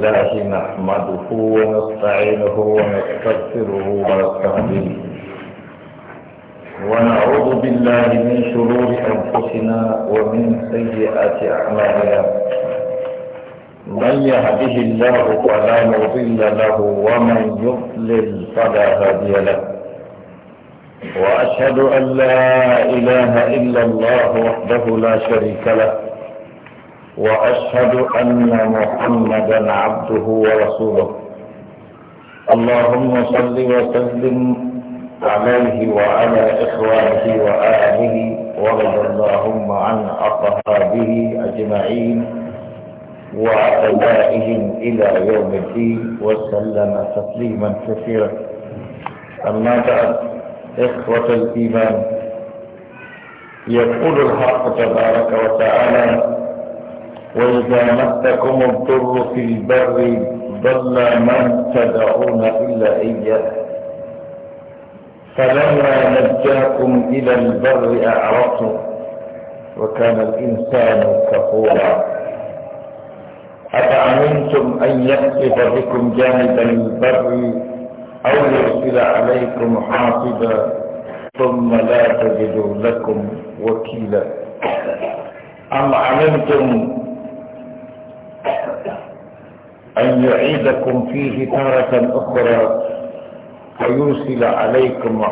الله نحمده ونستعينه ونستغفره ونستهديه ونعوذ بالله من شرور انفسنا ومن سيئات اعمالنا من يهده الله فلا مضل له ومن يضلل فلا هادي له واشهد ان لا اله الا الله وحده لا شريك له واشهد ان محمدا عبده ورسوله اللهم صل وسلم عليه وعلى اخوانه واهله ورضى اللهم عن اصحابه اجمعين وعتبائهم الى يوم الدين وسلم تسليما كثيرا اما بعد اخوه الايمان يقول الحق تبارك وتعالى وإذا مسكم الضر في البر ضل من تدعون إلا إياه فلما نجاكم إلى البر أعرضتم وكان الإنسان كفورا أفأمنتم أن يقصف بكم جانب البر أو يرسل عليكم حافظا ثم لا تجدوا لكم وكيلا أم أمنتم أن يعيدكم فيه تارة أخرى فيرسل عليكم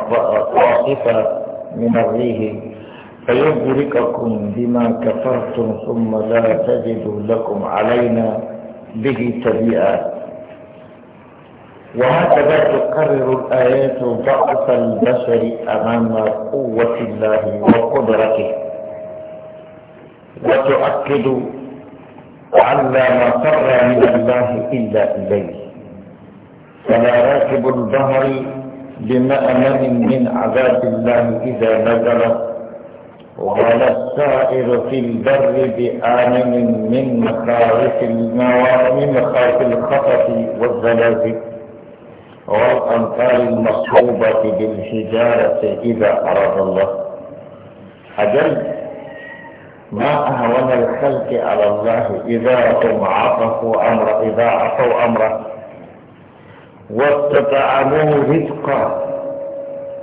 طائفة من الريح فيبرككم بما كفرتم ثم لا تجدوا لكم علينا به تبيئة وهكذا تكرر الآيات ضعف البشر أمام قوة الله وقدرته وتؤكد وعلى ما فر من الله إلا إليه فلا راكب الظهر بمأمن من عذاب الله إذا نزل ولا السائر في البر بآمن من مخارف من مخارف الخطف والزلازل والأمطار المصحوبة بالحجارة إذا أراد الله أجل ما أهون الخلق على الله إذا هم عطفوا أمر إذا عطوا أمره واستطعموا رزقه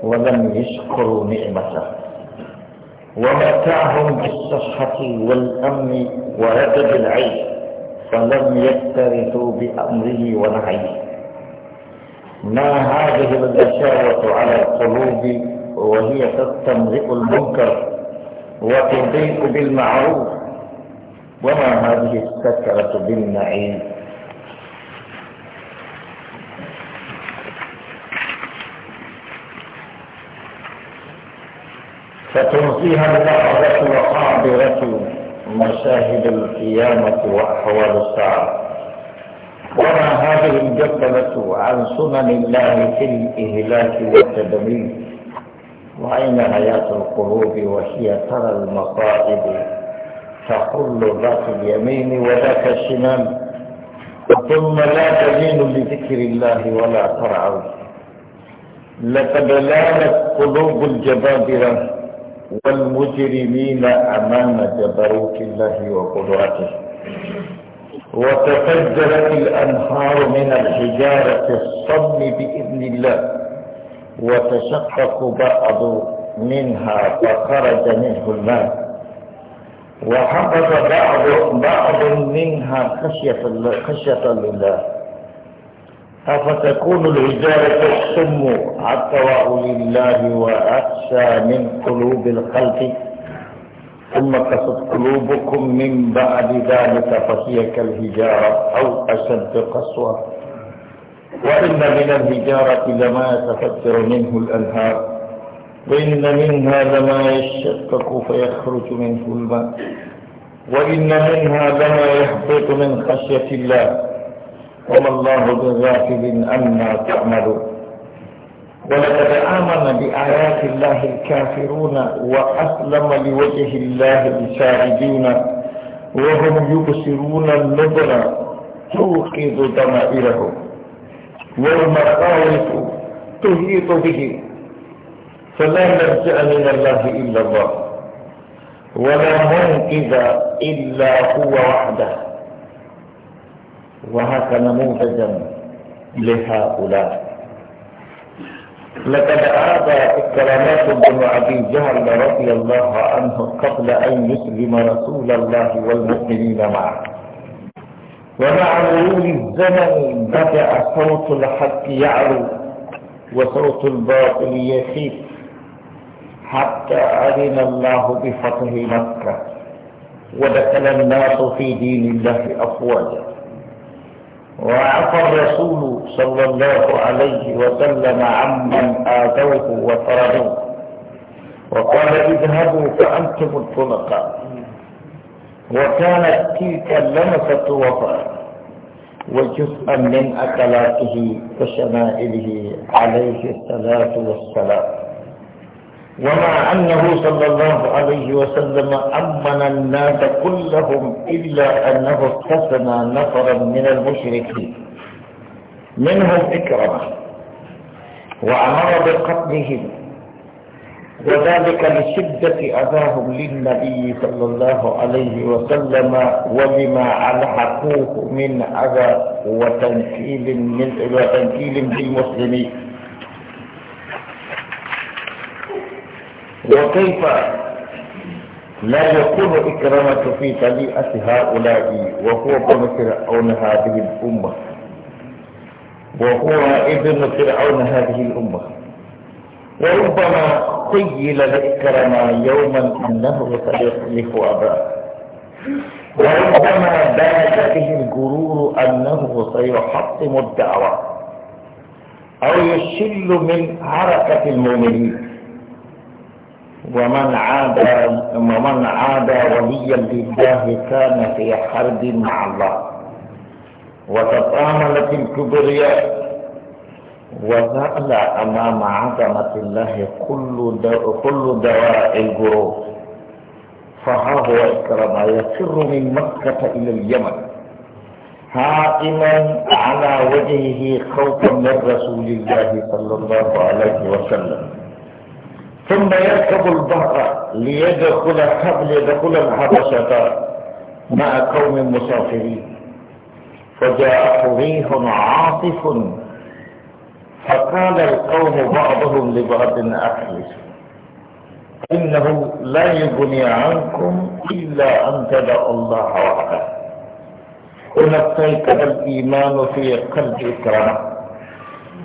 ولم يشكروا نعمته ومتاهم بالصحة والأمن ورتب العيش فلم يكترثوا بأمره ونهيه ما هذه البشارة على القلوب وهي تستمرئ المنكر وقضيت بالمعروف وما هذه السكرة بالنعيم فتنزيها اللحظة وقابرة مشاهد القيامة وأحوال الساعة وما هذه الجبلة عن سنن الله في الإهلاك والتدمير وأين حياة القلوب وهي ترى المصائب تقول ذات اليمين وذاك الشمال ثم لا تلين لذكر الله ولا ترعى لقد لانت قلوب الجبابرة والمجرمين أمام جبروت الله وقدرته وتفجرت الأنهار من الحجارة الصم بإذن الله وتشقق بعض منها فخرج منه الماء وحفظ بعض بعض منها خشية خشية لله أفتكون الهجارة السم عطواء لله وأخشى من قلوب الخلق ثم قصد قلوبكم من بعد ذلك فهي كالهجارة أو أشد قسوة وإن من الهجارة لما يتفكر منه الأنهار وإن منها لما يشقق فيخرج منه الماء وإن منها لما يهبط من خشية الله وما الله بغافل عما تعملون ولقد آمن بآيات الله الكافرون وأسلم لوجه الله الساعدون وهم يبصرون النظر توقظ ضمائرهم والمخاوف تهيط به فلا نرجع من الله إلا الله ولا منقذ إلا هو وحده وهذا نموذجا لهؤلاء لقد عاد إكرامات بن أبي جهل رضي الله عنه قبل أن يسلم رسول الله والمؤمنين معه ومع مرور الزمن بدأ صوت الحق يعلو وصوت الباطل يخيف حتى أذن الله بفتح مكة ودخل الناس في دين الله أفواجا وعفى الرسول صلى الله عليه وسلم عمن آتوه وطردوه وقال اذهبوا فأنتم الخلقاء وكانت تلك اللمسة وفاء وجزءا من أكلاته وشمائله عليه الصلاة والسلام ومع أنه صلى الله عليه وسلم أمن الناس كلهم إلا أنه استثنى نفرا من المشركين منهم إكرمة وأمر بقتلهم وذلك لشدة أذاهم للنبي صلى الله عليه وسلم ولما ألحقوه من أذى وتنكيل من وتنكيل بالمسلمين وكيف لا يكون إكرامة في طليئة هؤلاء وهو ابن فرعون هذه الأمة وهو ابن فرعون هذه الأمة وربما خيل ذكرنا يوما أنه سيخلف أباه وربما بات به الغرور أنه سيحطم الدعوة أو يشل من حركة المؤمنين ومن عاد ومن عاد وليا لله كان في حرب مع الله وتطاملت الكبرياء وزعل أمام عظمة الله كل دواء كل دواء الجروح فها هو الكرم يفر من مكة إلى اليمن هائما على وجهه خوفا من رسول الله صلى الله عليه وسلم ثم يركب البحر ليدخل قبل يدخل الحبشة مع قوم مسافرين فجاءه ريح عاصف فقال القوم بعضهم لبعض أحلف إنه لا يغني عنكم إلا أن تدعوا الله وحده هنا استيقظ الإيمان في قلب إكرام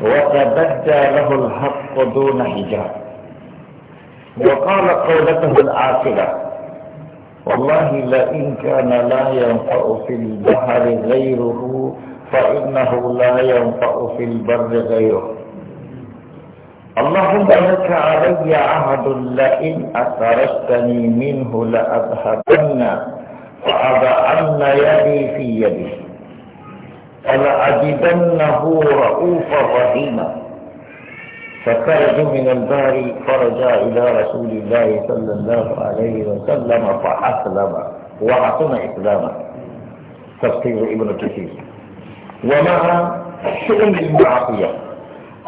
وتبدى له الحق دون حجاب وقال قولته العاقلة والله لئن كان لا ينفع في البحر غيره فإنه لا ينفع في البر غيره اللهم لك علي عهد لئن أخرجتني منه لأذهبن وأضعن يدي في يدي فلأجدنه رؤوفا رحيما فخرج من الدار فرجع إلى رسول الله صلى الله عليه وسلم فأسلم وأعطنا إسلاما تفسير ابن كثير ومع الشؤم المعصية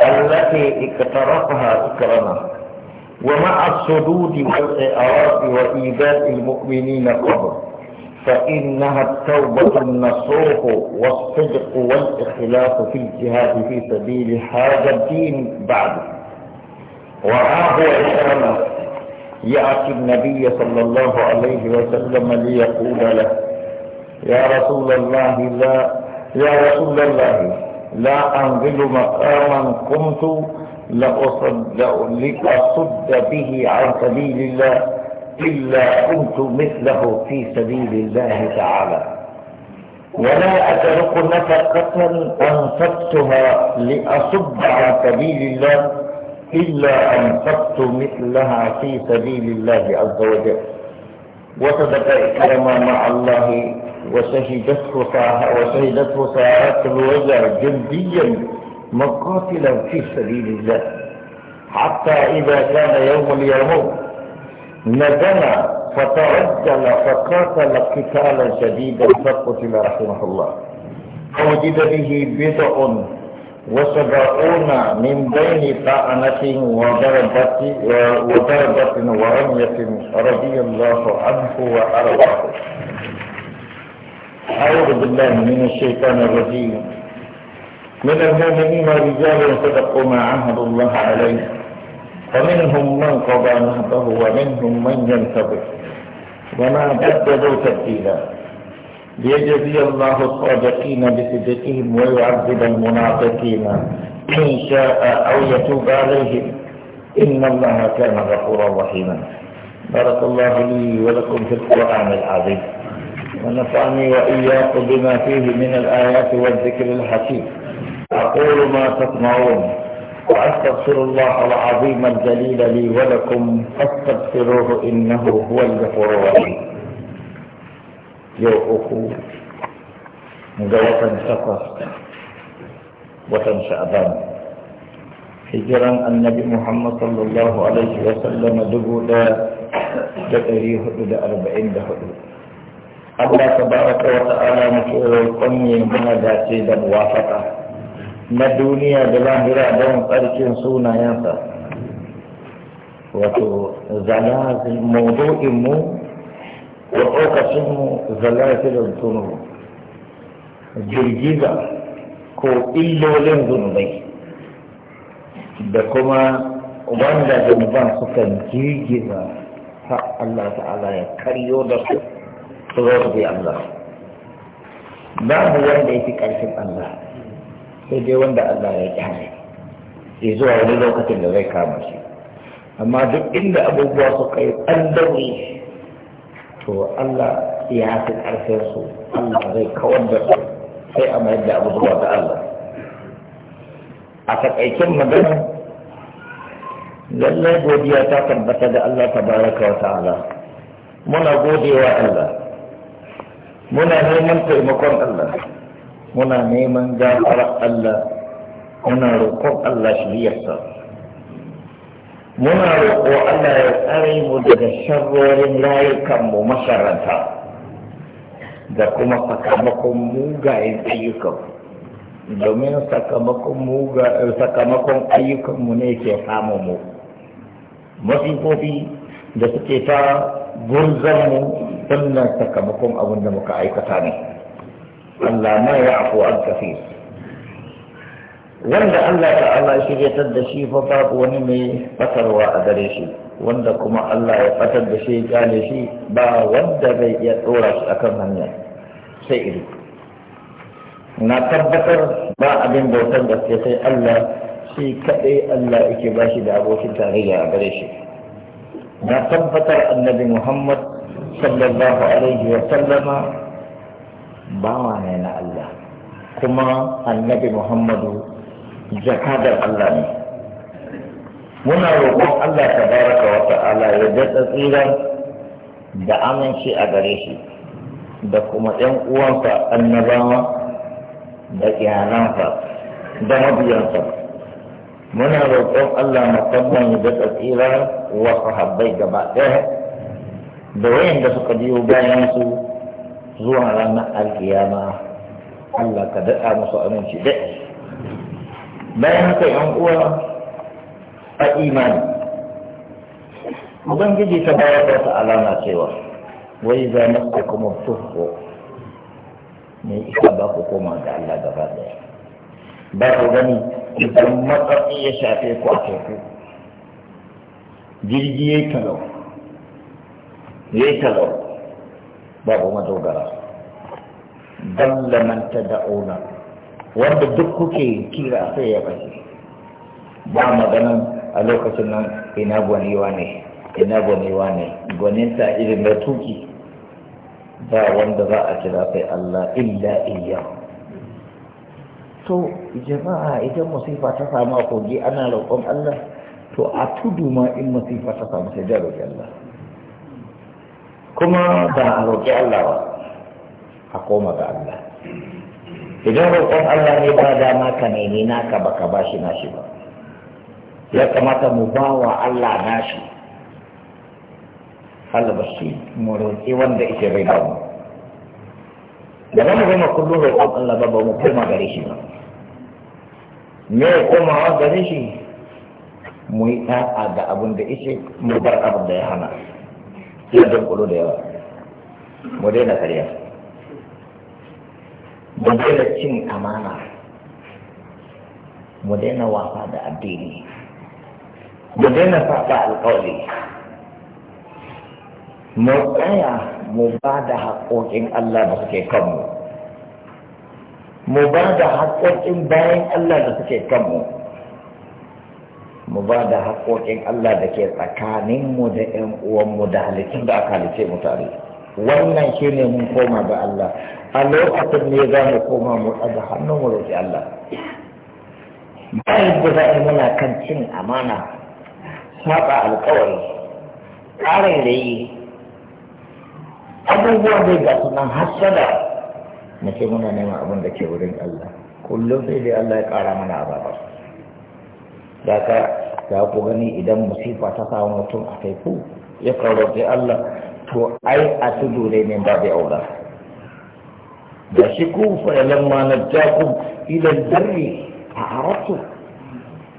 التي اقترفها اكرمة ومع الصدود والإعراض وإيذاء المؤمنين قبل فإنها التوبة النصوح والصدق والإخلاص في الجهاد في سبيل هذا الدين بعد وها هو يأتي النبي صلى الله عليه وسلم ليقول له يا رسول الله لا يا رسول الله لا أنزل مقاما قمت لأصد به عن سبيل الله إلا كنت مثله في سبيل الله تعالى ولا أترك نفقة أنفقتها لأصد عن سبيل الله إلا أنفقت مثلها في سبيل الله عز وجل وصدق إكرما مع الله وشهدته وشهدته ساعات الوجع جديا مقاتلا في سبيل الله حتى إذا كان يوم اليرموك ندم فترجل فقاتل قتالا شديدا فقتل رحمه الله فوجد به بضع وسبعون من بين طعنة وضربة وضربة ورمية رضي الله عنه وأرضاه أعوذ بالله من الشيطان الرجيم من المؤمنين رجال صدقوا ما عهد الله عليه فمنهم من قضى نهبه ومنهم من ينتظر وما بدلوا تبديلا ليجزي الله الصادقين بصدقهم ويعذب المنافقين إن شاء أو يتوب عليهم إن الله كان غفورا رحيما بارك الله لي ولكم في القرآن العظيم ونفعني وإياكم بما فيه من الآيات والذكر الحكيم أقول ما تسمعون وأستغفر الله العظيم الجليل لي ولكم فاستغفروه إنه هو الغفور الرحيم يا أخو مجوطا سقط وطن شعبان هجرا النبي محمد صلى الله عليه وسلم دبودا ɗari hudu da Allah tabaraka wa ta'ala ala roƙon ya kunni dace da muwafaka na duniya da lahira don sunayen sunayensa wato zalazil mawdu'in mu wa ɗaukacin mu zalazil zunubu girgiza ko illolin zunubai da kuma wanda zunuban suka girgiza har Allah ta'ala ya karyo da su su zo su bi mu babu wanda ya fi ƙarfin Allah sai dai wanda Allah ya kyale sai zuwa wani lokacin da zai kama shi amma duk inda abubuwa su kai dauri, to Allah ya fi karfin su Allah zai kawar da su sai a mayar da abubuwa ga Allah a takaicin magana lallai godiya ta tabbata da Allah tabaraka wa ta'ala muna godewa Allah muna neman taimakon Allah muna neman gafarar Allah muna roƙon Allah shiriyarsa muna roƙo Allah ya tsare mu daga sharrorin layukanmu masharanta da kuma sakamakon mugayen ayyukan domin sakamakon muga sakamakon ayyukanmu ne ke samun mu masifofi da suke ta burzanmu sannan sakamakon abin da muka aikata ne Allah ma ya afu an kafi wanda Allah ta'ala shiryatar da shi fa babu wani mai fatarwa a gare shi wanda kuma Allah ya fatar da shi ya shi ba wanda zai iya tsora shi akan hanya sai iri na tabbatar ba abin bautar gaske sai Allah shi kaɗai Allah yake ba shi da abokin tarayya a gare shi na tabbatar annabi muhammad sallallahu alaihi wa sallama bawa ne na allah kuma annabi muhammadu jakadar allah ne muna roƙon allah ta baraka wa ta'ala ya daɗa tsiran da aminci a gare shi da kuma ‘yan uwansa annabawa da iyalansa da mabiyansa muna roƙon Allah musamman da tsira wa sahabbai gaba ɗaya da wayanda suka biyo bayan su zuwa ranar alkiyama Allah ka daɗa musu aminci da bayan haka yan uwa a imani ubangiji ta bayar da ta alama cewa wai za mu kuma tuhu ne isa ba ku koma da Allah gaba ɗaya ba ku gani idan matsatsi ya shafe ku a teku jirgi ya yi talau ya yi talau babu madogara don lamanta ta da'una wanda duk kuke kira sai ya bace ba maganin a lokacin nan ina gwaniwa ne ina gwaniwa ne gwaninta irin na tuki ba wanda za a kira sai Allah illa iyahu To jama'a idan masifa ta samu kogi ana roƙon Allah to a tudu ma in masifa ta samu sai da roƙi Allah kuma ba a roƙi Allah ba a koma ga Allah idan roƙon Allah ne ba dama ka nemi naka ba ka bashi nashi ba ya kamata mu ba wa Allah nashi Allah ba shi mu roƙi wanda ike bai damu da ba mu goma kullum roƙon Allah ba ba mu koma gare shi ba me ya komawa gare shi mu yi ta'a ga abin da ishe mu bar abin da ya hana ya dunkulo da yawa mu daina karya mu daina cin amana mu daina wasa da addini mu daina faɗa alƙawari mu tsaya mu ba da haƙoƙin Allah da suke kanmu mu ba da haƙoƙin bayan Allah da suke kanmu mu ba da haƙoƙin Allah da ke tsakaninmu da ‘yan uwanmu da halittun da aka halice mu tare wannan shi ne mun koma ga Allah a lokacin ne za mu koma mu ɗaga hannun mu roƙi Allah bayan da za a muna kan cin amana saba alƙawari ƙarin da yi abubuwa bai ga sunan hassada na ke muna neman abin da ke wurin Allah kullum sai dai Allah ya kara mana azaba da ka za ku gani idan musifa ta samu mutum a ku ya sai Allah to ai a tudu ne ba babu aura da shi ku fa lamma najjakum ila al-birri a'aratu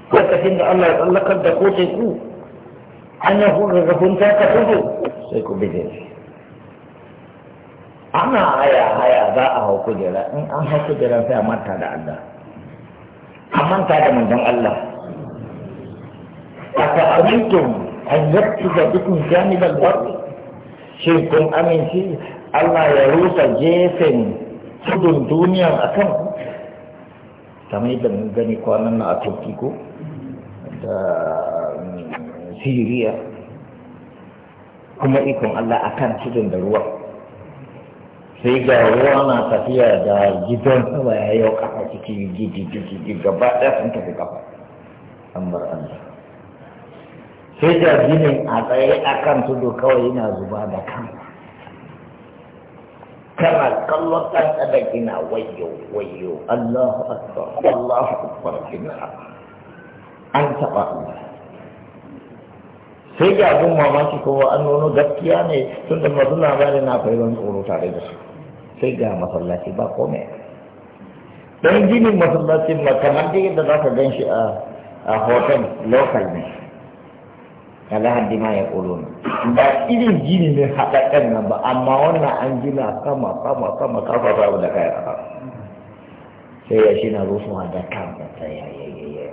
lokacin da Allah ya tsallakar da ku teku an ya kuka ga kun ka tudu sai ku bi shi ana haya haya za a hau kujera in an hau kujera sai a manta da Allah a manta da manzon Allah a ta'amintum an yatti da dukkan jami'ar barri shin kun amince Allah ya rusa gefen tudun duniya a kan kamar yadda mun gani kwanan na a turki ko da um, siriya kuma ikon Allah akan tudun da ruwa sai ga ruwa na tafiya da gidan sama ya yau kafa cikin gidi gidi gidi gaba ɗaya sun tafi kafa an bar Allah sai da ginin a tsaye a kan tudu kawai yana zuba da kan kana kallon ɗan ɗan gina wayo wayo Allahu akbar Allahu akbar gina an taɓa Allah sai ga abin mamaki kowa an nuno gaskiya ne tun da masu labarin na faiban tsoro tare da su sai ga masallaci ba kome, ɗan ginin masallacin ma kamar da yadda za ka gan shi a hotel local ne ala haddi ma ya ƙulun ba irin gini ne haɗaɗɗen nan ba amma wannan an gina sama sama sama kafa sabu da kayan ƙasa sai ya shi na rusuwa da kansa ta yayayaye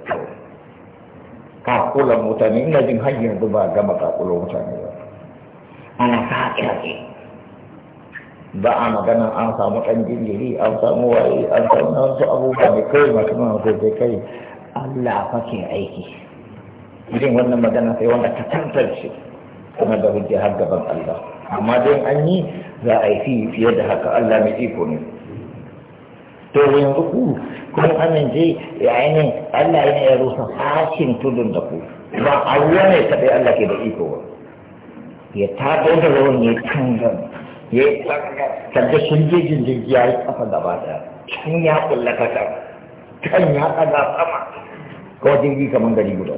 kakulan mutane ina jin hanyar ba gama ka kula mutane ba ana sa ƙirƙi ba a magana an samu ɗan jinjiri an samu waye an samu na wasu abubuwa mai kai masu mana ko kai Allah fa ke aiki irin wannan magana sai wanda tantar tantance kuma da hujja har gaban Allah amma dai an yi za a yi fi fiye da haka Allah mai iko ne to yanzu ku kun amince yayin Allah yana ya rusa fashin tudun da ku ba Allah ne kadai Allah ke da iko ba ya ta da rawan ya canza ya yi kaga shirgejin jirgi ya yi kafa gaba daya can ya kulla kan can ya ɗaga sama kawai jirgi kamar gari guda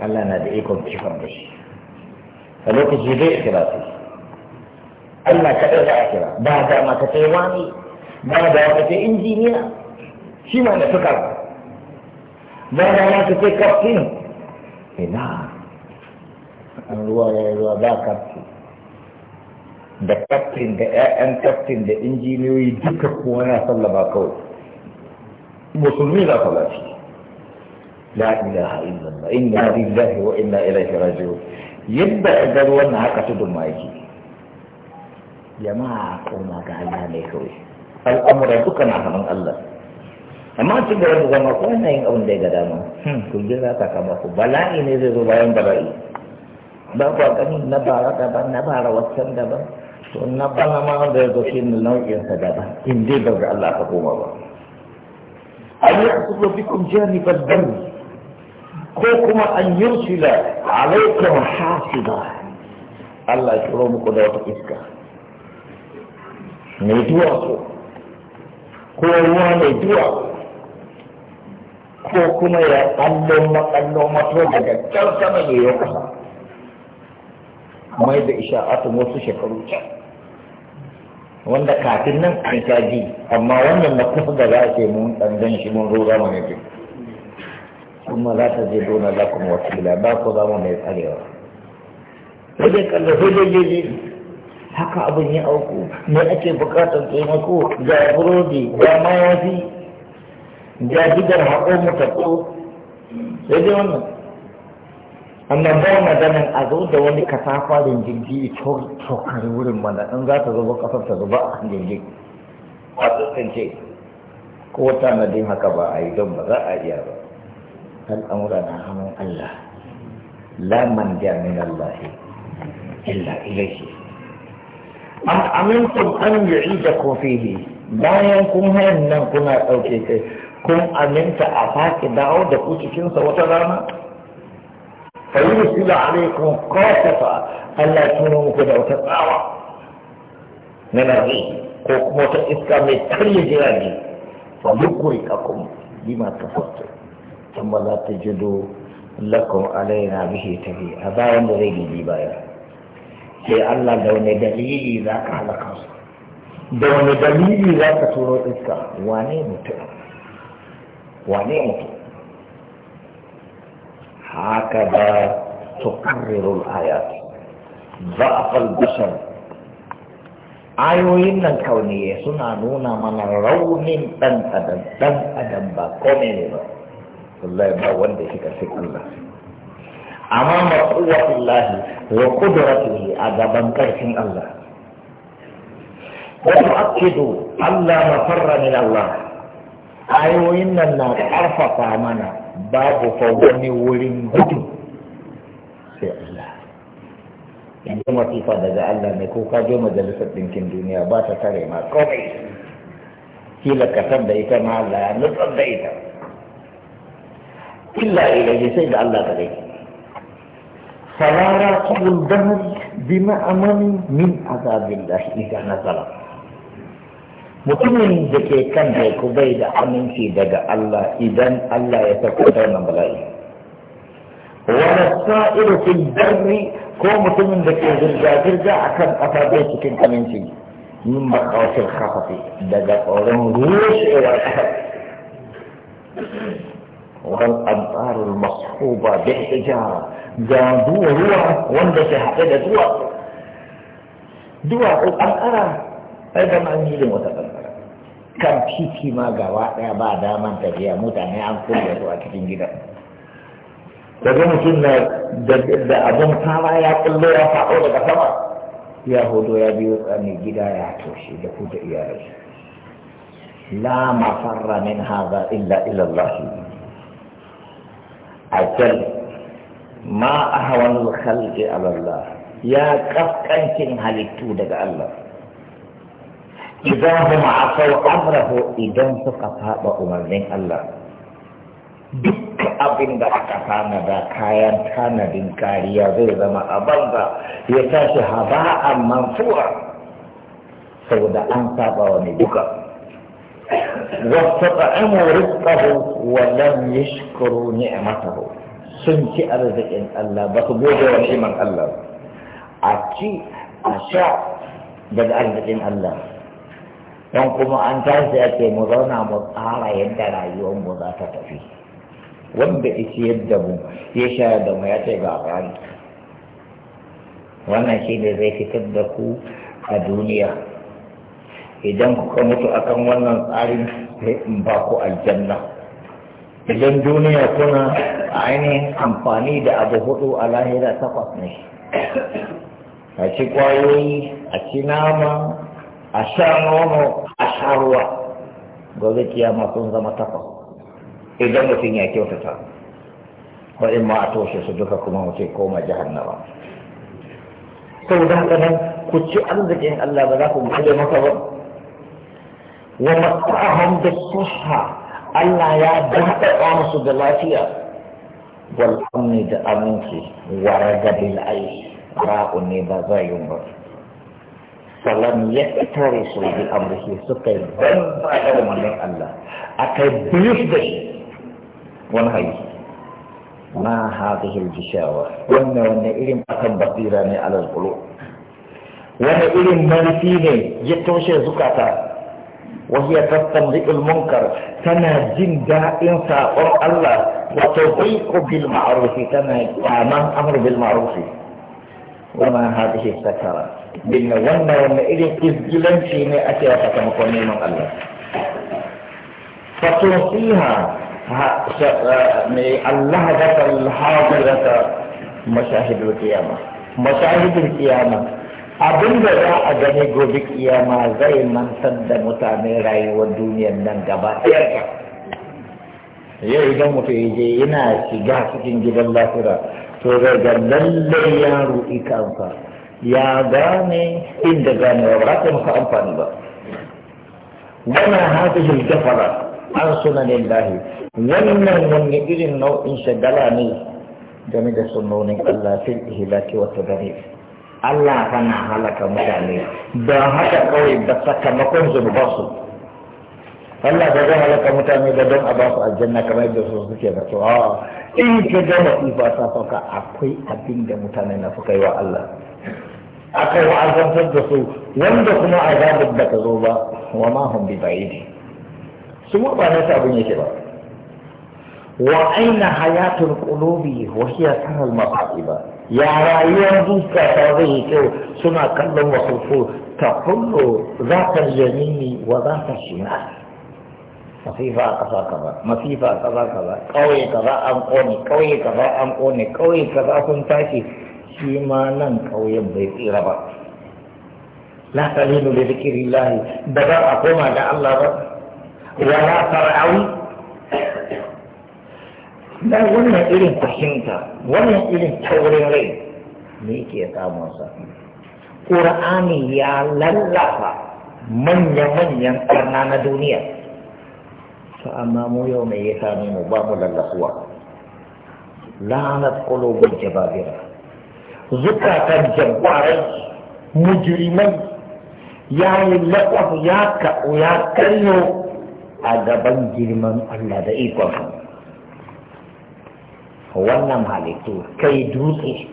Allah na da ikon kifan da shi a lokaci zai kira su Allah kaɗai za a kira ba da maka sai wani ba da ka sai injiniya shi ma na suka ba da ka sai kaftin ina an ruwa ya yi ruwa ba kaftin da kaftin da 'ya'yan kaftin da injiniyoyi duka kuma na sallaba kawai musulmi za ka lafi la ilaha illallah inna lillahi wa inna ilaihi raji'un yadda a gari wannan haka tudun dumma yake jama'a kuma ga Allah ne kawai al'amura duka na hannun Allah amma ci da da zama ko wannan yin abin da ya ga dama hmm, ku jira ta kama ku bala'i ne zai zo bayan bala'i ba ku gani na bara daban na bara wasan daban na bana ma da ya zo shi ne nau'in sa gaba in dai daga Allah ka koma ba an yi asubu bikum janibal barri ko kuma an yursila alaikum ba. Allah ya turo muku da wata iska mai duwatsu ko ruwa mai duwatsu ko kuma ya kallo makallo mato daga can sama ne ya kusa mai da isha'atun wasu shekaru can wanda kafin nan an shaji amma wannan na kusa da za a ce mun ɗan shi mun zo zama ne kuma za ta je dona za kuma wakila ba ku zama mai tsarewa sai dai hujjar sai dai jeji haka abin ya auku ne ake bukatar taimako ga burodi ga mawazi ga gidan haƙo mu sai dai wannan amma bar maganin a zo da wani da jirgi cokar wurin mana in za ta zuba kasar ta zuba a jirgi a tsakance ko tanadin haka ba a yi don ba za a iya ba amura na hannun Allah la man ja min Allah illa ilayhi am amintum an kofi fihi bayan kun hayan nan kuna dauke kai kun aminta a sake dawo da ku cikin sa wata rana فيرسل عليكم قاصفة ألا تكونوا مكدا وتطاوى من الريح كوكموت إسكام التري جياني فيقرئكم بما كفرتم ثم لا تجدوا لكم علينا به تبيعا باين ريلي دي باين sai Allah da wani dalili za ka halaka su da wani dalili za ka turo iska wane mutum wane mutum هكذا تقرر الآيات ضعف البشر ayoyin nan kauniye suna nuna mana raunin dan adam dan adam ba kome ba wallahi ba wanda shi karfi Allah amma ma quwwatullahi wa qudratihi a gaban karfin Allah wa tu'akkidu Allah mafarra min Allah ayoyin nan na ƙarfafa mana babu fa wani wurin gudu sai Allah yanzu masifa daga Allah ne ko ka je majalisar ɗinkin duniya ba ta tare ma komai kila ka san da ita ma Allah ya nutsar da ita illa ilayhi sai da Allah ta dai sarara qul dahr bima amani min azabillah idan nazala mutumin da ke kan ku bai da aminci daga Allah idan Allah ya sako da wannan bala'i wani sa'iru fil darri ko mutumin da ke zirga-zirga a kan ƙasa bai cikin aminci min makawashin kafafi daga tsoron rushewar ƙasa wal amtarul mashuba bi hijara ga duwa ruwa wanda ke haɗe da duwa duwa ko ara ai da ma milin wata karkara kan titi ma gaba ɗaya ba daman tafiya mutane an kulle su a cikin gidan daga mutum na da abin fama ya kullo ya faɗo daga sama ya hoto ya biyo tsani gida ya toshe da kuta iyalai la mafarra min haza illa illa illallah ajal ma ahwanul khalqi ala Allah ya kafkancin halittu daga Allah idan huma asau amrahu idan suka saba umarnin Allah duk abin da aka tanada kayan tanadin kariya zai zama a banza ya tashi haba'an mansuwa saboda an saba wa mai duka wastaqamu rizqahu wa lam yashkuru ni'matahu sun ci arzikin Allah ba su gode wa ni'man Allah a ci a sha daga arzikin Allah don kuma an tashi ake mu zauna mu tsara yadda rayuwar mu za ta tafi wanda isi yadda mu ya shayar da mu ya ce ga a wannan shi ne zai fitar da ku a duniya idan kuka mutu akan wannan tsarin sai in ba ku aljanna idan duniya kuna a ainihin amfani da abu hudu a lahira takwas ne a ci kwayoyi a ci nama a sha nono a gobe kiyama sun zama takwas idan mutum ya kyautata ko in ma a toshe su duka kuma mutum koma jahannama da haka nan ku ci arzikin Allah ba za ku gode maka ba wa mata'ahum da sihha Allah ya daɗa musu da lafiya wal amni da aminci wa ragabil aish ra'u ne ba za yi ba salam ya ita rasu yi abu shi suka yi ban fa'ar manon Allah a kai bilis da shi wani hayi na hada hirji shawa wannan wannan irin akan basira ne alal kulo wani irin manufi ne ya toshe zukata wasu ya tattan riƙul munkar tana jin daɗin saƙon Allah wato ɗaiƙo bil ma'arufi tana kyaman amur bil ma'arufi wannan hadisi sakara dinna wannan wannan irin kizgilanci ne ake wa saka mako neman Allah fatun fiha mai Allah zata alhaɗin zata mashahidul kiyama mashahidul kiyama abinda za a gani gobe kiyama zai mantar da mutane rayuwar duniyar nan gaba ɗaya yau idan mutum ya je yana shiga cikin gidan lafiya to daga lallai ya roƙi kansa ya gane inda ganewa ba za ta maka amfani ba wannan hadishin gafara an suna ne lahi wannan wani irin nau'in shagala ne game da sunonin Allah fil ihlaki wa tadrif Allah kana halaka mutane da haka kawai ba sakamakon zunubansu Allah ba zai halaka mutane ba don a ba su aljanna kamar yadda su suke zato a in ka ga masifa ta akwai abin da mutane na fi yi wa Allah akai wa azabtar da su wanda kuma azabin da ka zo ba wa ma hun bi ne su ma ba na abin yake ba wa aina hayatul qulubi wa hiya sanal mafaqiba ya rayuwar zuciya ta zai kyau suna kallon wasu ta kullu za ta yamini wa za ta masifa a kaza masifa a kaza kaza ƙauye kaza an ƙone ƙauye kaza an ƙone ƙauye kaza sun tashi shi ma nan kauyen bai tsira ba la talinu bi zikrillah da ba a koma da Allah ba la far'awi da wannan irin fahimta wannan irin taurin rai me yake samun sa Qur'ani ya lallafa manya-manyan karna na duniya فأما مو يوم يثاني مبام للأخوة لعنت قلوب الجبابرة زكاة الجبارين مجرمين يعني لقف ياك وياكلوا أدبا جرما الله دقيقا wannan halittu kai dutse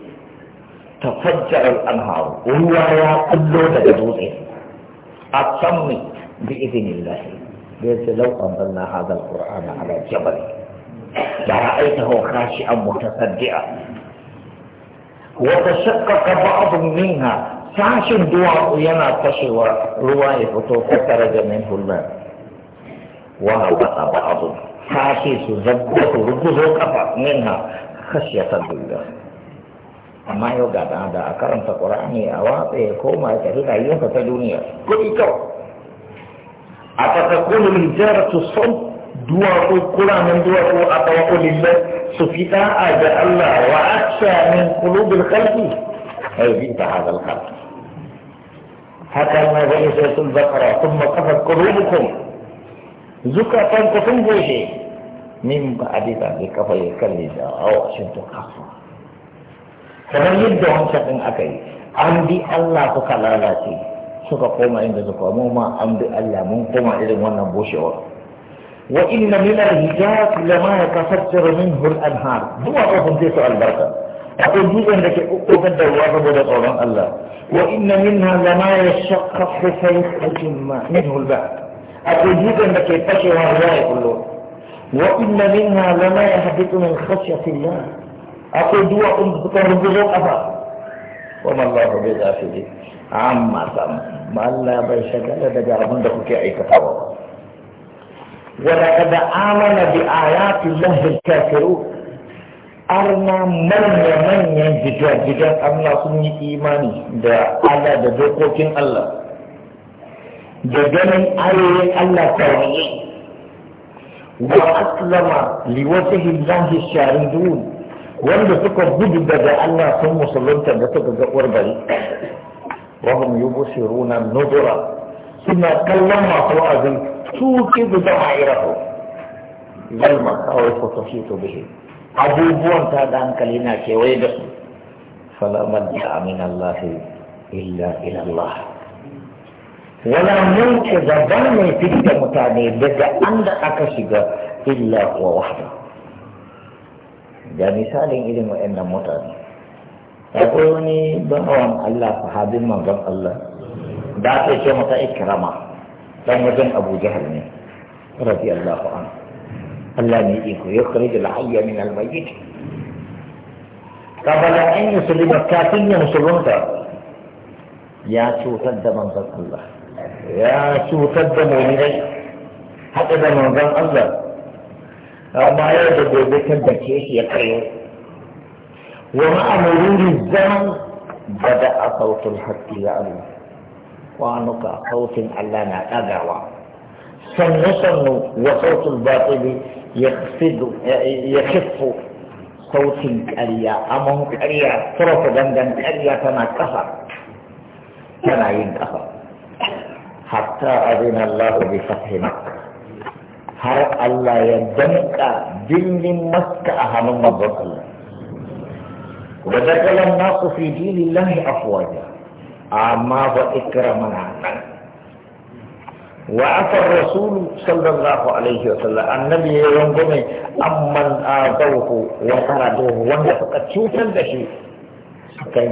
ta fajjar al'anharu ruwa ya kullo daga dutse a sanmi bi izinin lahi ليس لو أنزلنا هذا القرآن على الجبل لرأيته خاشعا متصدعا وتشقق بعض منها ساش دعاء ينا تشي ورواية فترج منه الماء وهبط بعض ساشي سزبط رجز كفا منها خشية لله أما يوجد هذا أكرم تقرأني أواطي كوما يتحدث أيها في الدنيا كل كوم أفتكون الهجارة الصوم duwatsu kuramin duwatsu a tawakku lillah su fi da'a da Allah wa aksa min kulubin khalqi ay bi ta'ala al khalq haka na da sai sun zakara kuma kafat qulubukum zukatan ku sun goshe min ba adita bi kafa ya kalli da aw shin to kafa kamar yadda wancan din aka yi an bi Allah kuka lalace suka koma inda suka mu ma an bi Allah mun koma irin wannan bushewar wa inna min al-hijaz lama yatafajjar minhu al-anhar huwa ko zai su barka akwai dutsen da ke kokon da ruwa saboda tsoron Allah wa inna minha lama yashaqqa fa yastajma minhu al-bahr akwai dutsen da ke fashewa ruwa ya kullu wa inna minha lama yahbitu min khashyati Allah akwai duwa kun da suka rubuzo kafa wa ma Allah bai zafi amma sam bai shagala daga abin da kuke aikatawa ba wa laqad amana bi ayati llahi alkafiru arna manya manyan jijjigan Allah sun yi imani da Allah da dokokin Allah da ganin ayoyin Allah yi. wa aslama li wajhi llahi sharidun wanda suka gudu daga Allah sun musulunta da suka ga ƙwarbari Wa وهم يبصرون النظرة suna kallon masu azin su ke da zama irahu zalma kawai fotoshi to bihi abubuwan ta da hankali na kewaye da su falamar da amin Allah illa ilallah wala mulki gaban ba mai fidda mutane daga an aka shiga illa wa Da ga misalin irin wa'annan mutane akwai wani bawan Allah sahabin manzon Allah da aka ce masa ikrama dan wajen Abu Jahal ne radiyallahu anhu Allah ne iko ya kare da hayya min al-mayyit kabala an yusulima kafin ya musulunta ya cutar da manzon Allah ya cutar da mu'minai haɗa da manzon Allah amma yau da gobe kan da ke ya kare ومع مرور الزمن بدأ صوت الحق يعلو وعنق صوت ألا أدعوى سن سن وصوت الباطل يخفض يخف صوت الكريا أمه كريا صرف دندن كريا كما كفر كما ينكفر حتى أذن الله بفتح مكة هل الله يدمك دين مكة أهم مضى الله Berdakalan nasu fi dini lahi afwaja. Amma wa ikra manakan. Wa asal Rasul sallallahu alaihi wa sallam. An-Nabi ya yang gini. Amman azawku wa taraduhu. Wanda suka cutar cutan dashi. Suka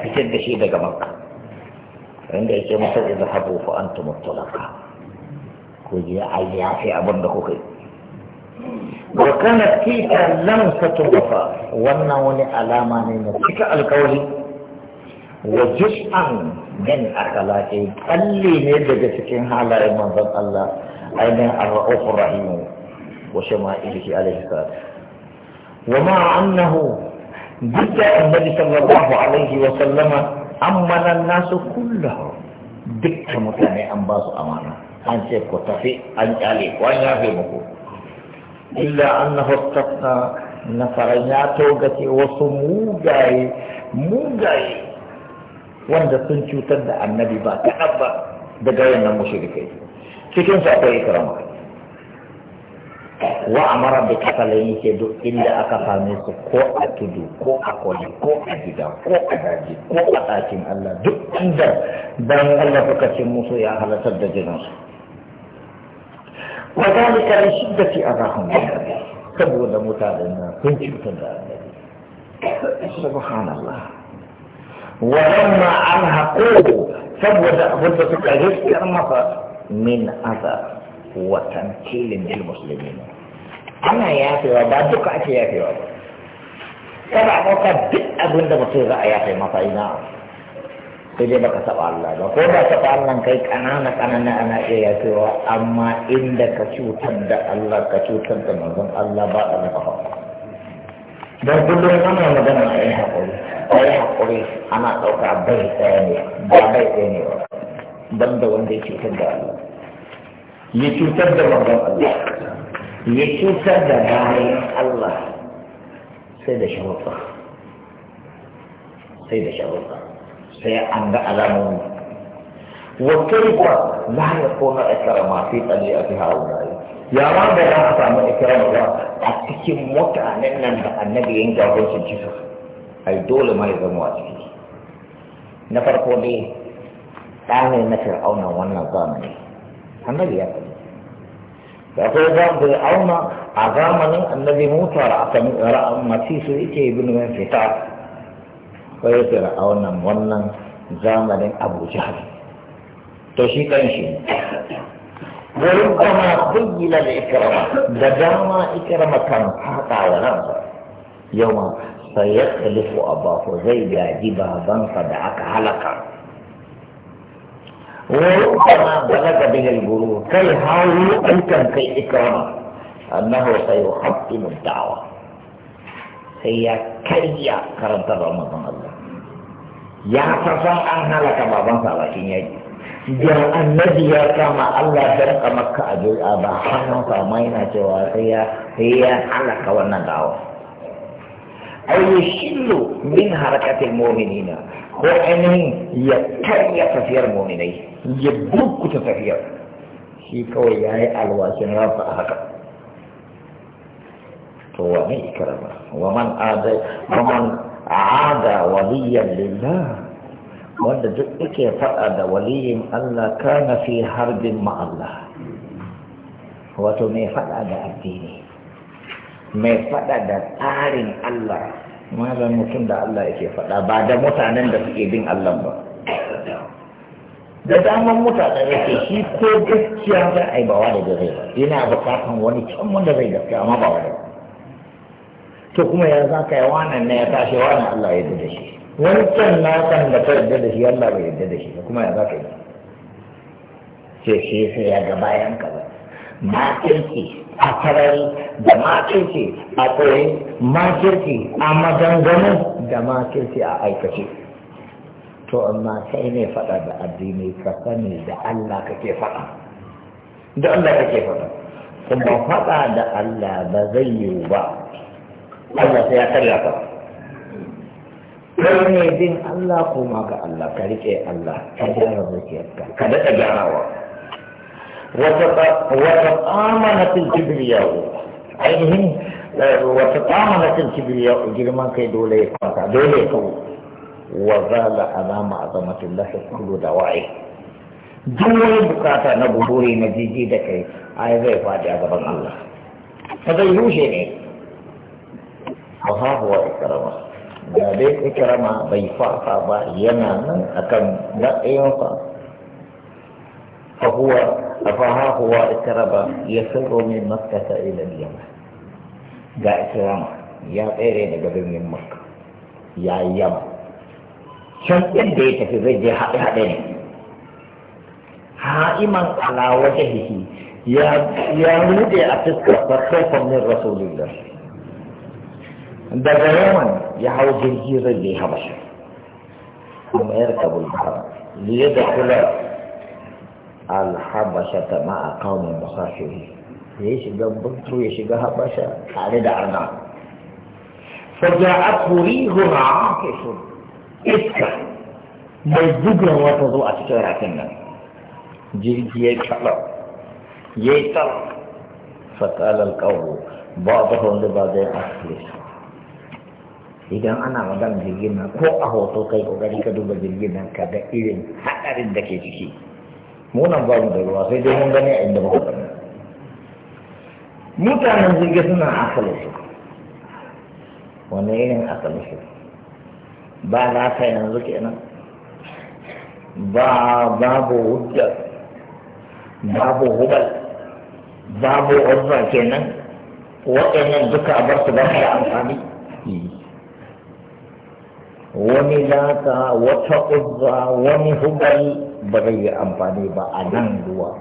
fitar da shi daga maka. Inda ya ce masa izahabu fa antum tulaka. Ko je a yafi abin da kuka yi. wa kana fika lamsatu wafa wannan wani alama ne na cika alkawari wa juz'an min akhlaqi kalli ne daga cikin halaye manzon Allah ainihin ar-ra'ufur rahim wa shama'ilihi alaihi wa ma annahu bidda annabi sallallahu alaihi wa sallama amana an-nasu kulluhum dukkan mutane an ba su amana an ce tafi an an إلا أنه استثنى نفريات wasu وصموجاي موجاي wanda sun cutar da annabi ba kaɗan ba daga wannan mushrikai cikin su akwai ikrama wa amara bi kasalin yake duk inda aka same su ko a tudu ko a kwali ko a gida ko a daji ko a ɗakin Allah duk inda bayan Allah suka ce musu ya halatar da su. وذلك لشدة شدة أذاهم تبو لمتابعنا تنشبت النبي سبحان الله ولما عنها قوه تبو لأبدتك رزق المطر من أذى وتنكيل للمسلمين أنا يا في وابا دقعك يا في وابا تبع موتا بدأ بند مصير رأيات المطر sai dai baka taɓa Allah ba ko ba taɓa Allah kai kanana kanana ana iya yafewa amma inda ka cutar da Allah ka cutar da manzon Allah ba a da kafa don kullum ana magana a yi haƙuri a yi haƙuri ana ɗauka bai tsaye ne ba bai tsaye ne ba ban da wanda ya cutar da Allah ya cutar da manzon Allah ya cutar da bayan Allah sai da shawarta sai da shawarta sai an ga alamomi wa kona la yakuna ikrama fi tali'ati haula'i ya ma da za a samu ikrama ba a cikin mutanen nan da annabi yin su kisa ai dole ma ya zama a ciki na farko dai ɗane na fir'aunan wannan zamani annabi ya faɗi da kai za mu auna a zamanin annabi mutuwar a kan su yake ibn fita ko ya fi ra'aunan wannan zamanin abu jihar to shi kanshi wurin kama bayyana da ikirama da dama ikirama kan haka wa ransa yau ma sai ya tsalifu a bako zai gaji babansa da aka halaka wurin kama balaga da guru kai hau aikan kai ikirama annahu sai yi haƙƙin dawa sai ya karya karantar ramadan Allah ya fasan an halaka babansa a bakin yaki da annabi ya kama Allah ya ka maka a jira ba hannun sa ma yana cewa sai ya sai ya halaka wannan gawa ay yushillu min harakatil mu'minina ko ainihin ya karya tafiyar mu'minai ya ta tafiyar shi kawai ya yi alwashin rafa a haka هو من إكرامه ada عاد ومن عاد وليا لله wanda duk yake faɗa da waliyin Allah kana fi harbin ma'allah wato mai faɗa da addini mai faɗa da tsarin Allah malam mutum da Allah yake faɗa ba da mutanen da suke bin Allah ba da daman mutane yake shi ko gaskiya za a yi ba wa da zai ba yana bukatan wani can wanda zai gaskiya amma ba wani ba to kuma ya za ka yi wannan ne ya tashi wannan Allah ya yarda da shi wancan na san da ka yarda da shi Allah bai yarda da shi kuma ya za ka yi ce shi sai ya ga bayan ka ba kirki a farari da kirki a koyi kirki a maganganu da kirki a aikace to amma kai ne faɗa da addini ka sani da Allah kake faɗa da Allah kake faɗa kuma faɗa da Allah ba zai yiwu ba Allah sai ya karya ka kai ne bin Allah koma ga Allah ka riƙe Allah ka gyara zuciyarka ka daɗa gyarawa wata amanatin kibriyawo ainihin wata amanatin kibriyawo eh, girman kai dole ya kwanta dole ya kawo wa zala alama azamatin lafi kullu da wa'i duk wani bukata na buduri na jiji da kai ai zai faɗi a gaban Allah ka zai rushe ne wahabuwa ikirama da dai ikirama bai fafa ba yana nan akan ɗayansa fahuwa a fahahuwa ikirama ya sauro mai maskata ilil yamma ga ikirama ya tsere daga birnin makka ya yi yamma can inda ya tafi zai je haɗe haɗe ne ha'iman ala wajahihi ya ya a fuskar sarkar kwamnin دغيان يحاول جرير اللي هبش ثم يركب البحر ليدخل الحبشة مع قوم مخافرين بخاشه يشي قبلت ويشي قهبشة على دعنا فجاءت ريه رعاكس إسكا مجدد وتضوء أتكرا كنا جلد يكلا يكلا فقال القوم بعضهم لبعضهم أخلصوا idan ana magana jirgin nan ko a hoto kai kokari ka duba jirgin nan ka ga irin hadarin da ke ciki munan ba mu da ruwa sai dai mun gani a inda ba gani mutanen jirgin suna asali su wani irin asali su ba ta yanzu kenan ba babu hujja babu hubal babu uzza kenan waɗannan duka a bar su ba da amfani wani lata wata uzza wani hubal ba zai yi amfani ba a nan ruwa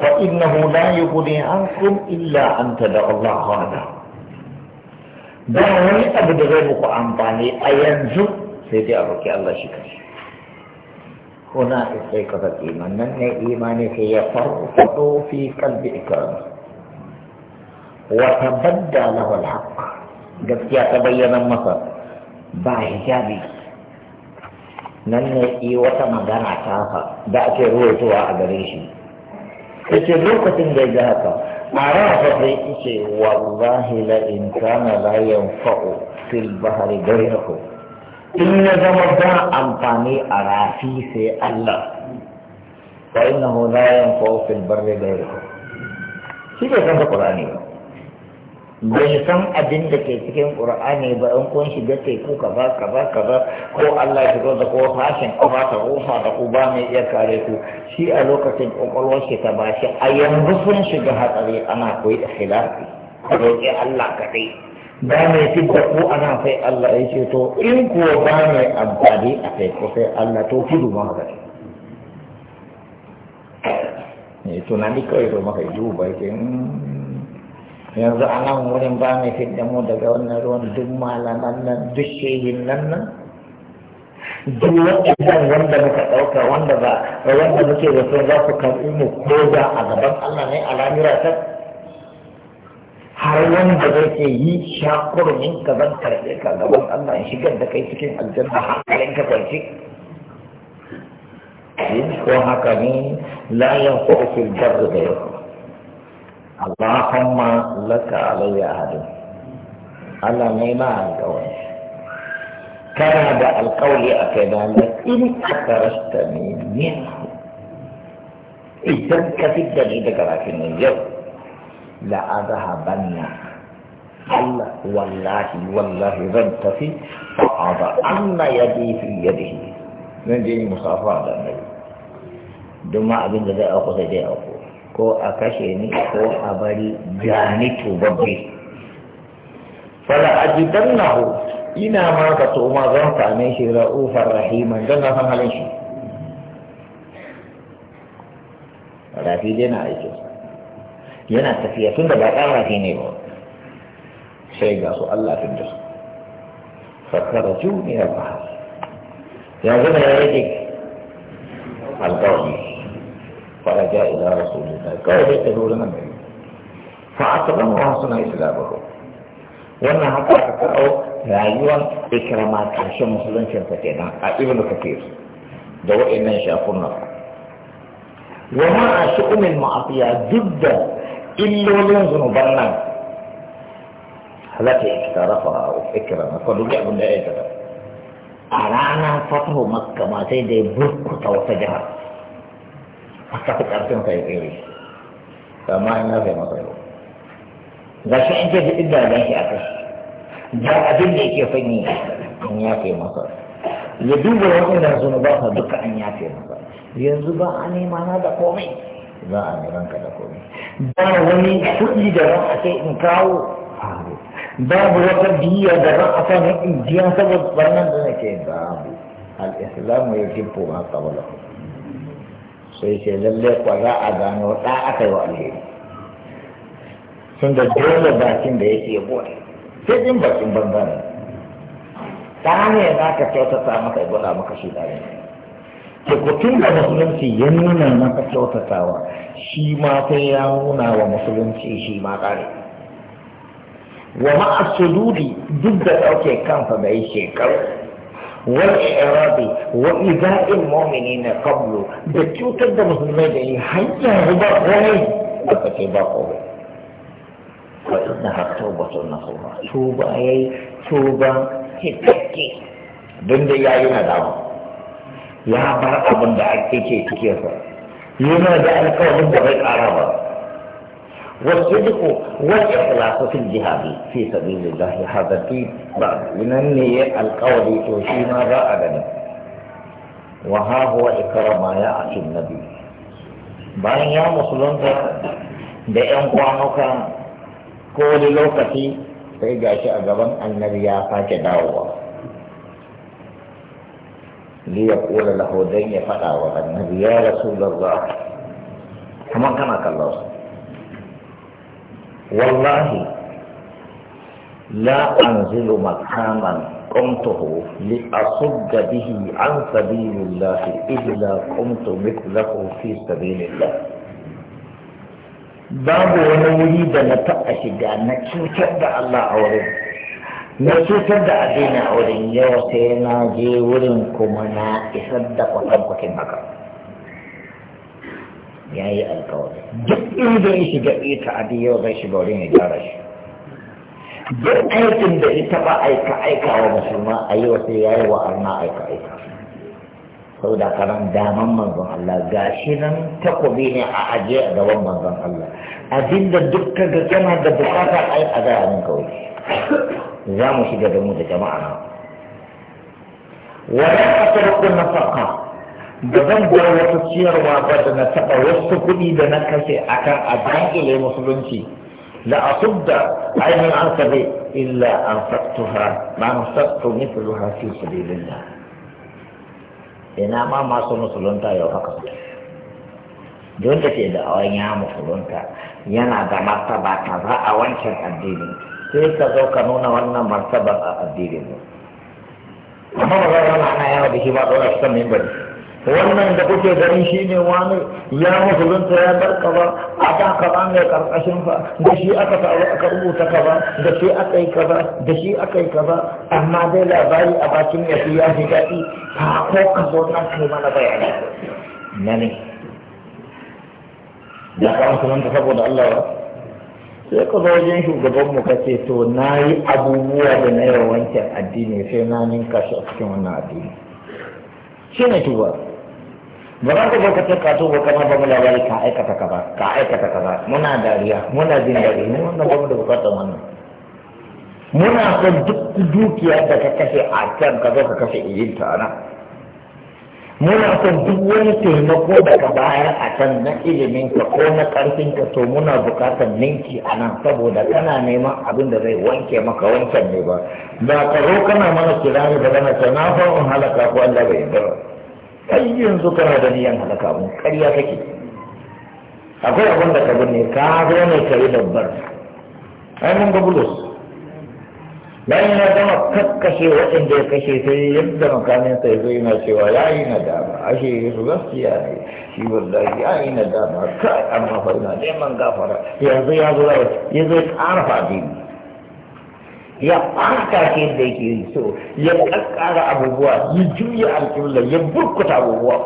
fa innahu la yughni ankum illa an tad'u Allah hada ba wani abu da zai muku amfani a yanzu sai dai a roki Allah shi ka Kuna ne هنا استيقظ ya من الإيمان هي فرفض في قلب إكرامه وتبدى له gaskiya ta bayyana masa. ba hijabi nan ne yi wata magana ta da ake ruwaitowa a gare shi yace lokacin da ya haka a rafa sai ce, wallahi la in kana la yanfa'u fil bahri ghayruhu in ya zama ba amfani a rafi sai Allah fa innahu la yanfa'u fil bahri ghayruhu shi ne kan Qur'ani ba bai san abin da ke cikin ƙur'ani ba in kun shiga teku ba ka ba ko Allah ya shigo da ko fashin ba ta rufa da ku ba mai iya kare ku shi a lokacin kokolwar shi ta bashi a yanzu sun shiga hatsari ana koyi da khilafi roƙi Allah dai ba mai fidda ko ana sai Allah ya ce to in ko ba mai amfani a kai ko sai Allah to kudu ma haka eh, tunani kawai to maka yi ba ke yanzu a nan wurin ba mai fidda mu daga wannan ruwan duk malaman nan duk shehin nan nan duk zan wanda muka ɗauka wanda ba wanda muke da sun za su karɓi mu ko za a gaban Allah ne a lamira ta har wanda zai ce yi shakurmin ka zan karɓe ka gaban Allah in shigar da kai cikin aljanna hankalin ka kwanci ko haka ne la yanku fil jarri da yau اللهم لك علي عهد أنا نيما القول كان هذا القول أكيدا إن أكرشتني منه إذا كفيت دليلك لكن اليوم لأذهبن الله والله والله لن تفي فأضعن يدي في يده من دين مصافاة النبي دماء بن ذي أخو سيدي أخو ko a kashe ni ko a bari gani tubabbe fala ajidannahu ina ma ka to ma zan same shi ra'ufar rahiman dan na san halin shi rafi dai na aiki yana tafiya tun da ba ɗan rafi ne ba sai ga su Allah tun da su fakara juniyar ba yanzu ne ya rage alƙawari فرجع إلى رسول الله قال لي تدور لنا من فأطلم وحصنا إسلامه وانا حقا أو رأيوان إكرامات عشو مسلم شرطتين آه، ابن كثير دو إما شافونا وما عشو من معطية جدا إلا ولنزن برنا التي اكترفها وفكرنا كل جاء من أعلانا فتح مكة ما سيدي بركة وفجهر aka fi ƙarfin ka yi tsere amma in na zai masa yau ga shi an jefi inda ya shi a kai ga abin da yake fanyi an yafe masa ya duba waɗannan zunuban sa duka an yafe masa yanzu ba a nema na da komai za a neman ka da komai ba wani kuɗi da za a in kawo babu wata biya da za a sami in biya saboda wannan da nake babu al-islamu ya kibbo ma qablahu sai ce lalle kwa za a gano da aka yi wa alheri sun da dole bakin da yake bude sai din bakin banza ne ta ne za ka kyautata maka ya gwada maka shi dare ke da musulunci ya nuna maka kyautatawa shi ma sai ya nuna wa musulunci shi ma ƙare wa ma'a duk da ɗauke kansa da yi shekaru والإعراض وإيذاء المؤمنين قبل بكيو تبدأ مسلمين دي حيا ربا غير بكي باقوه فإنها توبة نصوبة توبة أي توبة تتكي دند يا ينا دعوة يا بر أبن دعك تكي تكي ينا دعك أبن دعك عربا Wai su duka wajen filafufin jihar biyu? Si Sabida, ba. Zinannin ne ya yi alkawali to shi ma za'a ganin. Wahahu wace karamaya a cinnabi? Bayan ya muslunta da 'yan kwano kare mu. Ko wani lokaci, sai gashi a gaban annabi ya faki dawowa. Jiya kula da hodan ya fadawa annabi ya rasu gargawa. Kuma kama kallo wallahi la anzilu makaman قمته لأصد به عن سبيل الله إلا قمت مثله في سبيل الله babu wani wuri da na taɓa shiga na cutar da Allah a wurin na cutar da a wurin yau sai na je wurin kuma na isar da kwatankwacin haka ya yi alkawari duk ɗin ya shiga ita a yau zai shiga wurin ya gyara shi duk aikin da ita ba aika aika wa musulma a yi wasu ya yi wa arna aika aika sau da karan daman manzon Allah ga shi nan takobi ne a ajiye a gaban manzon Allah abinda dukkan ga kana da bukata yi a gaya min kawai za mu shiga da mu da jama'a na. wa ya fatar kun nafaka Da zan bar wata ciyarwa ba da na taɓa wasu kuɗi da na kashe akan a dankile musulunci la da ainihin an sabi illa an fattuha ma an fattu su fi sabilillah ina ma masu musulunta yau haka don da ke da awon ya musulunta yana da martaba kaza a wancan addinin sai ka zo ka nuna wannan martaba a addinin amma ba za a ana yawa da shi ba dole su kan mimbali wannan da kuke gani shi ne wani ya musulunta ya bar kaza a kan kaza mai karkashin fa da shi aka taru aka rubuta kaza da shi aka yi kaza da shi aka yi kaza amma dai labari a bakin ya fi ya fi daɗi ta ko ka zo nan kai mana bayani na ne da ka musulunta saboda Allah ba sai ka zo wajen shugaban mu kace to na yi abubuwa da na yawancin addini sai na ninka shi a cikin wannan addini shi ne tuba ba za ka baka taka to ba kana ba mu labari ka aikata ba ka aikata ba muna dariya muna jin daɗi mu wannan ba mu da bukatar wannan muna son duk dukiya da ka kashe a can ka zo ka kashe iyin ta ana muna son duk wani taimako da ka bayar a can na ilimin ka ko na karfin ka to muna bukatar ninki a nan saboda kana neman abin da zai wanke maka wancan ne ba ba ka zo kana mana kirani ba kana ta na fa'un halaka ko Allah bai yarda ba kai yanzu kana da niyan halaka mu ƙarya kake akwai abin da ka binne ka zo ne ka yi dabbar ai mun ga bulus bayan ya gama kakkashe waɗanda ya kashe sai yadda makamin sai zai na cewa ya yi nadama ashe su gaskiya ne shi wallahi ya yi nadama kai amma fa ina neman gafara yanzu ya zo ya zo ya ƙara ne ya fata shi da yake yi so ya kakkara abubuwa ya juya alƙulla ya burkuta abubuwa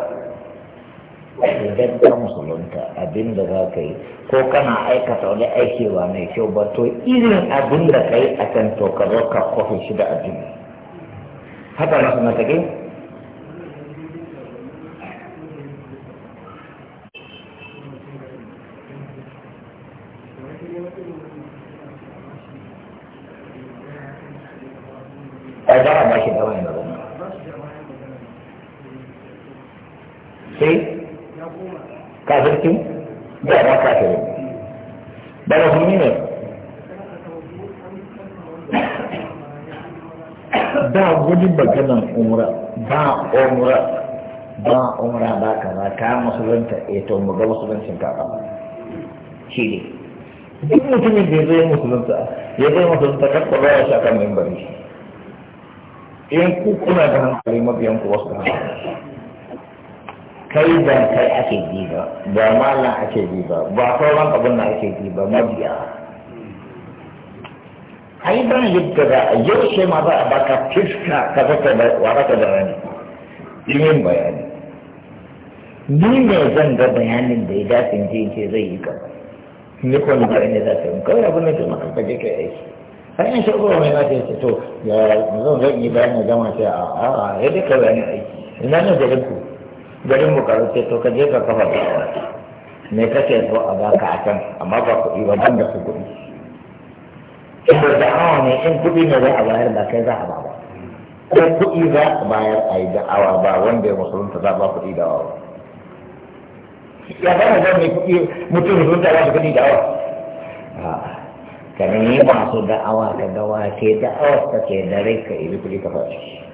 idan ka musulunta abin da za ka yi ko kana aikata wani aiki ba mai kyau ba to irin abin da ka yi a can to ka zo ka kofi shi da abin haka na suna gai ai za a ba shi dama yana ba. sai kafirkin da ba kafirin ba da hulmi ne ba wani maganan umra ba umra ba umra ba kaza ta musulunta eh muga mu ga musuluncin ka ba shi ne duk mutumin da ya zo musulunta ya zo musulunta kakwa ba ya sha kan mimbari in ku kuna da hankali mabiyan ku wasu hankali kai da kai ake bi ba ba malam ake bi ba ba sauran abin da ake bi ba mabiya ai ban yadda da a yau sai ma za a baka fiska ka zaka da waraka da rani yin bayani ni ne zan ga bayanin da ya dace in ce zai yi ka ni kuma ba ne za ta yi kawai abin da ke maka kaje kai aiki Ka yin shi ko mai nake ce to ya zan zan yi bayan ya gama sai a a ya duka bayan aiki ina ne garin ku garin mu karu ce to ka je ka kafa dawa me kake so a baka a can amma ba kuɗi ba ban da ku kuɗi in da awa ne in kuɗi ne za a bayar ba kai za a ba ba ko kuɗi za a bayar a yi da awa ba wanda ya musulunta za ba kuɗi da ba ya ba mu zan mai kuɗi mutum musulunta ba su da awa. kamar yi masu da'awa ka gawa ke da'awa ta ke da rai ka iri kuri ka fashi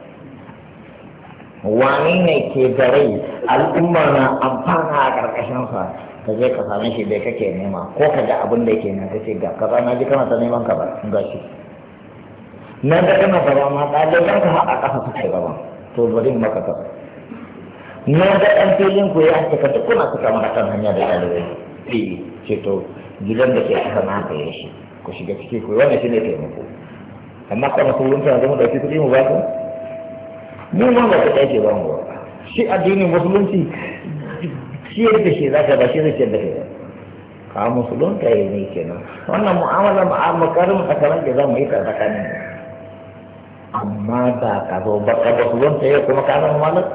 wani ne ke da rai al'umma na amfana a ƙarƙashin sa ka je ka same shi bai kake nema ko ka ga abin da yake nan ka ce ga kaza na ji kana ta neman ka ba ga shi na da kana ta ma ɗaliban ka a ƙasa suke gaban to bari mu ka na da ɗan filin ku ya cika duk kuna suka mara kan hanya da ɗalibai ce to gidan da ke kasa na ka yi shi ku shiga cikin ku wannan shine taimako amma kuma su wurin tana zama dauki kuɗi mu ba ku mu ma ba ku ɗauke ba mu ba shi addinin musulunci ciyar da shi za ka ba shi zai ciyar da kai ka musulunta ya ne kenan wannan mu'amala ma'amakarin asalan da za mu yi tsakanin amma ba ka zo ba ka musulunta ya kuma ka zama malar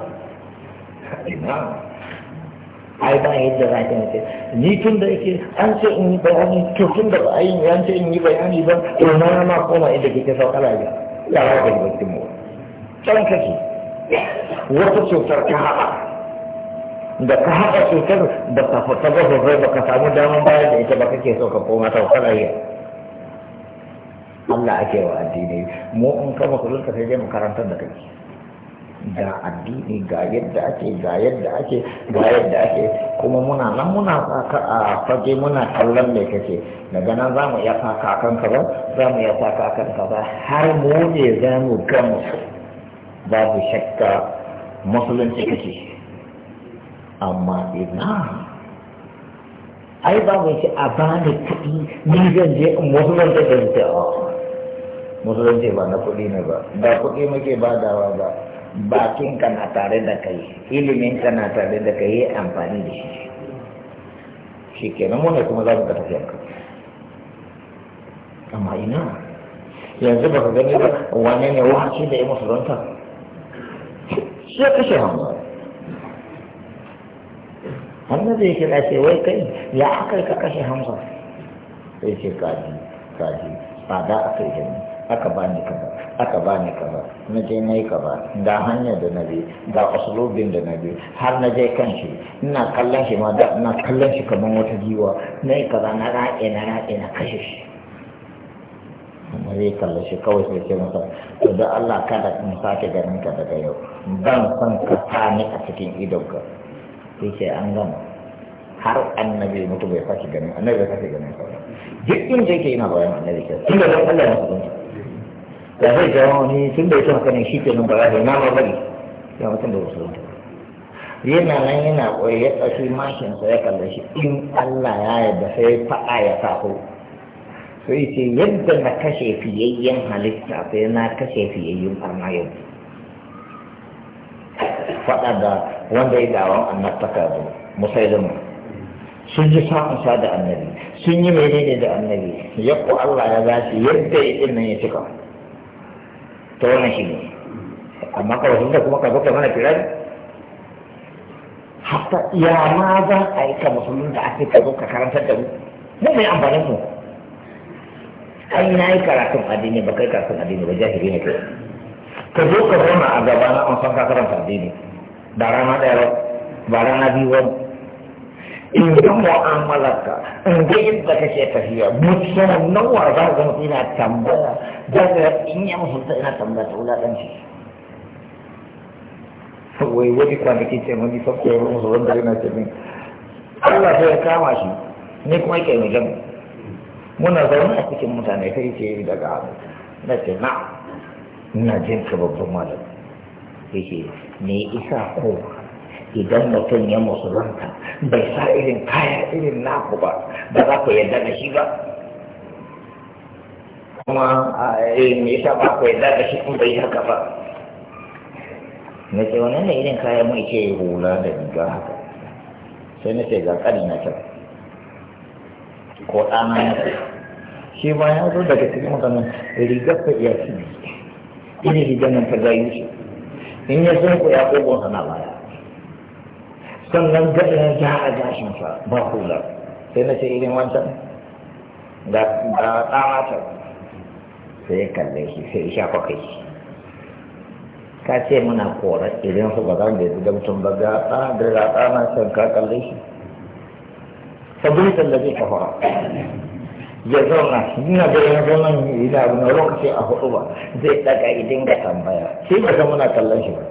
ina ai ba yadda za ka nace ni tun da yake an ce in yi bayani to tun da ba yi an ce in yi bayani ba to na ma koma inda kike saukar ya ya ba ka yi bakin mu can kake wata cutar ka haɓa, da ka haɓa cutar da ka fita ba sosai ba ka samu daman bayar da ita ba kake so ka koma saukar ya Allah ake wa addini mu in kama kulun ka sai dai mu karantar da kai ga addini ga yadda ake ga yadda ake ga yadda ake kuma muna nan muna tsaka a fage muna kallon mai kake daga nan za mu iya saka a kanka ba za mu iya saka a kanka ba har mu ne za mu gamu babu shakka musulunci kake amma ina ai ba mu ce a bani kuɗi ni zan je in musulunci da musulunci ba na kuɗi ne ba da kuɗi muke badawa ba bakinka na tare da kai ka na tare da kai amfani da shi shi nan wani kuma za mu ga ka amma ina yanzu ba ka gani ba wani ne wace da ya musulunta shi ya kashe hannu hannu zai kira ce wai kai ya aka ka kashe hamsa sai ce kaji kaji da aka yi hannu aka bani kaza aka bani kaza na je na yi kaza da hanyar da na bi da usulubin da na bi har na je kan shi ina kallon shi ma da ina kallon shi kamar wata jiwa na yi kaza na raƙe na raƙe na kashe shi amma zai kalla shi kawai sai ce masa to da Allah kada in sake ganin ka daga yau ban san ka tani a cikin idonka sai ce an gama har annabi mutum bai sake ganin annabi bai sake ganin ka duk inda yake yana bayan annabi ke tunda Allah ya masa da zai jawo wani tun da ya makanin shi ke nan ba za ta yi nama bari ya mutum da wasu yana nan yana koyi ya ɗauki mashinsa ya kalla shi in Allah ya yadda sai faɗa ya kafo sai ce yadda na kashe fiyayyen halitta sai na kashe fiyayyen farma yau faɗa da wanda ya dawon annabtaka da musailin sun ji sa da annabi sun yi menene da annabi ku Allah ya zashi yadda ya ɗin nan ya cika ta wannan shi ne amma kawai sun kuma ka zaka mana kirari hatta ya ma za a yi ka musulun da ake ka zo ka karantar da mu mu mai amfanin mu ai na yi karatun addini ba kai karatun addini ba jahili ne kai ka zo ka zauna a gaba na an san ka karanta addini ba rana ɗaya ba rana biyu ba in ga mu'amalarka in ga yadda kake tafiya mutum nawa za ka mutu ina tambaya za ka in yi musulta ina tambaya ta wulaƙanci wai wani kwanaki ce wani sauke ya musu wanda yana ce min Allah sai ya kama shi ne kuma yake mai jan muna zaune a cikin mutane sai ce yi daga abu, na ce na ina jin ka babban malam yake me isa ko idan mutum ya musulunta bai sa irin kaya irin naku ba ba za ku yarda da shi ba kuma eh, me yasa ba ku yarda da shi in bai haka ba na ce wani ne irin kaya mai ce hula da riga haka sai na ce ga kari na kyau ko ɗana na ce shi ba ya zo daga cikin mutanen rigar ka iya ci irin rigar nan ta gayu shi in ya sun ku ya ƙogon sana baya sannan ga ya ja a gashinsa ba hula sai na ce irin wancan da ɗana ta sai ya kalle shi sai ya shafa kai ka ce muna kora irin su ba za mu yi da mutum ba ga ɗana da ga na can ka kalle shi sabbin tallafi ka fara ya zauna ina da ya zauna ina na lokaci a hudu ba zai daga idin ga tambaya shi ba san muna kallon shi ba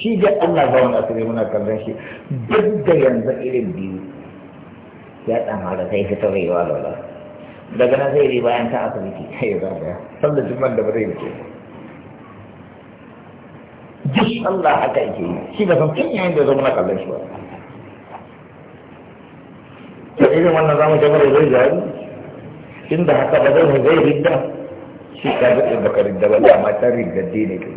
shi da Allah za wani asiri muna kallon shi duk da yanzu irin biyu ya tsama da sai fita rai wa lola daga nan sai bayan ta asibiti sai ya zagaya sallar jimman da ba zai wuce duk Allah haka yake yi shi ba san kan yayin da zo muna kallon shi ba to irin wannan zamu ta bare zai jari inda haka ba zai zai ridda shi ka da ka ridda ba amma ta ridda ne kai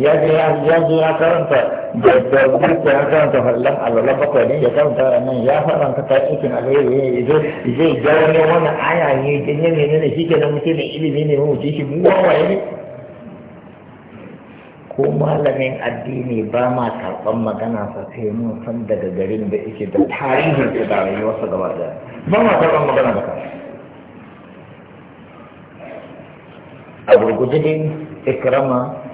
ya je ya zo ya karanta da da duk ya karanta fallan Allah bakwai ne ya karanta nan ya faranta ta cikin alheri ne zai ga wani wani aya ne din ne ne ne shi kenan mutum ne ilimi ne mu ci shi buwa wa ne ko malamin addini ba ma karɓar magana sa sai mun san daga garin da yake da tarihin da da rayuwarsa gaba da ba ma karɓar magana ba a gurguje ikrama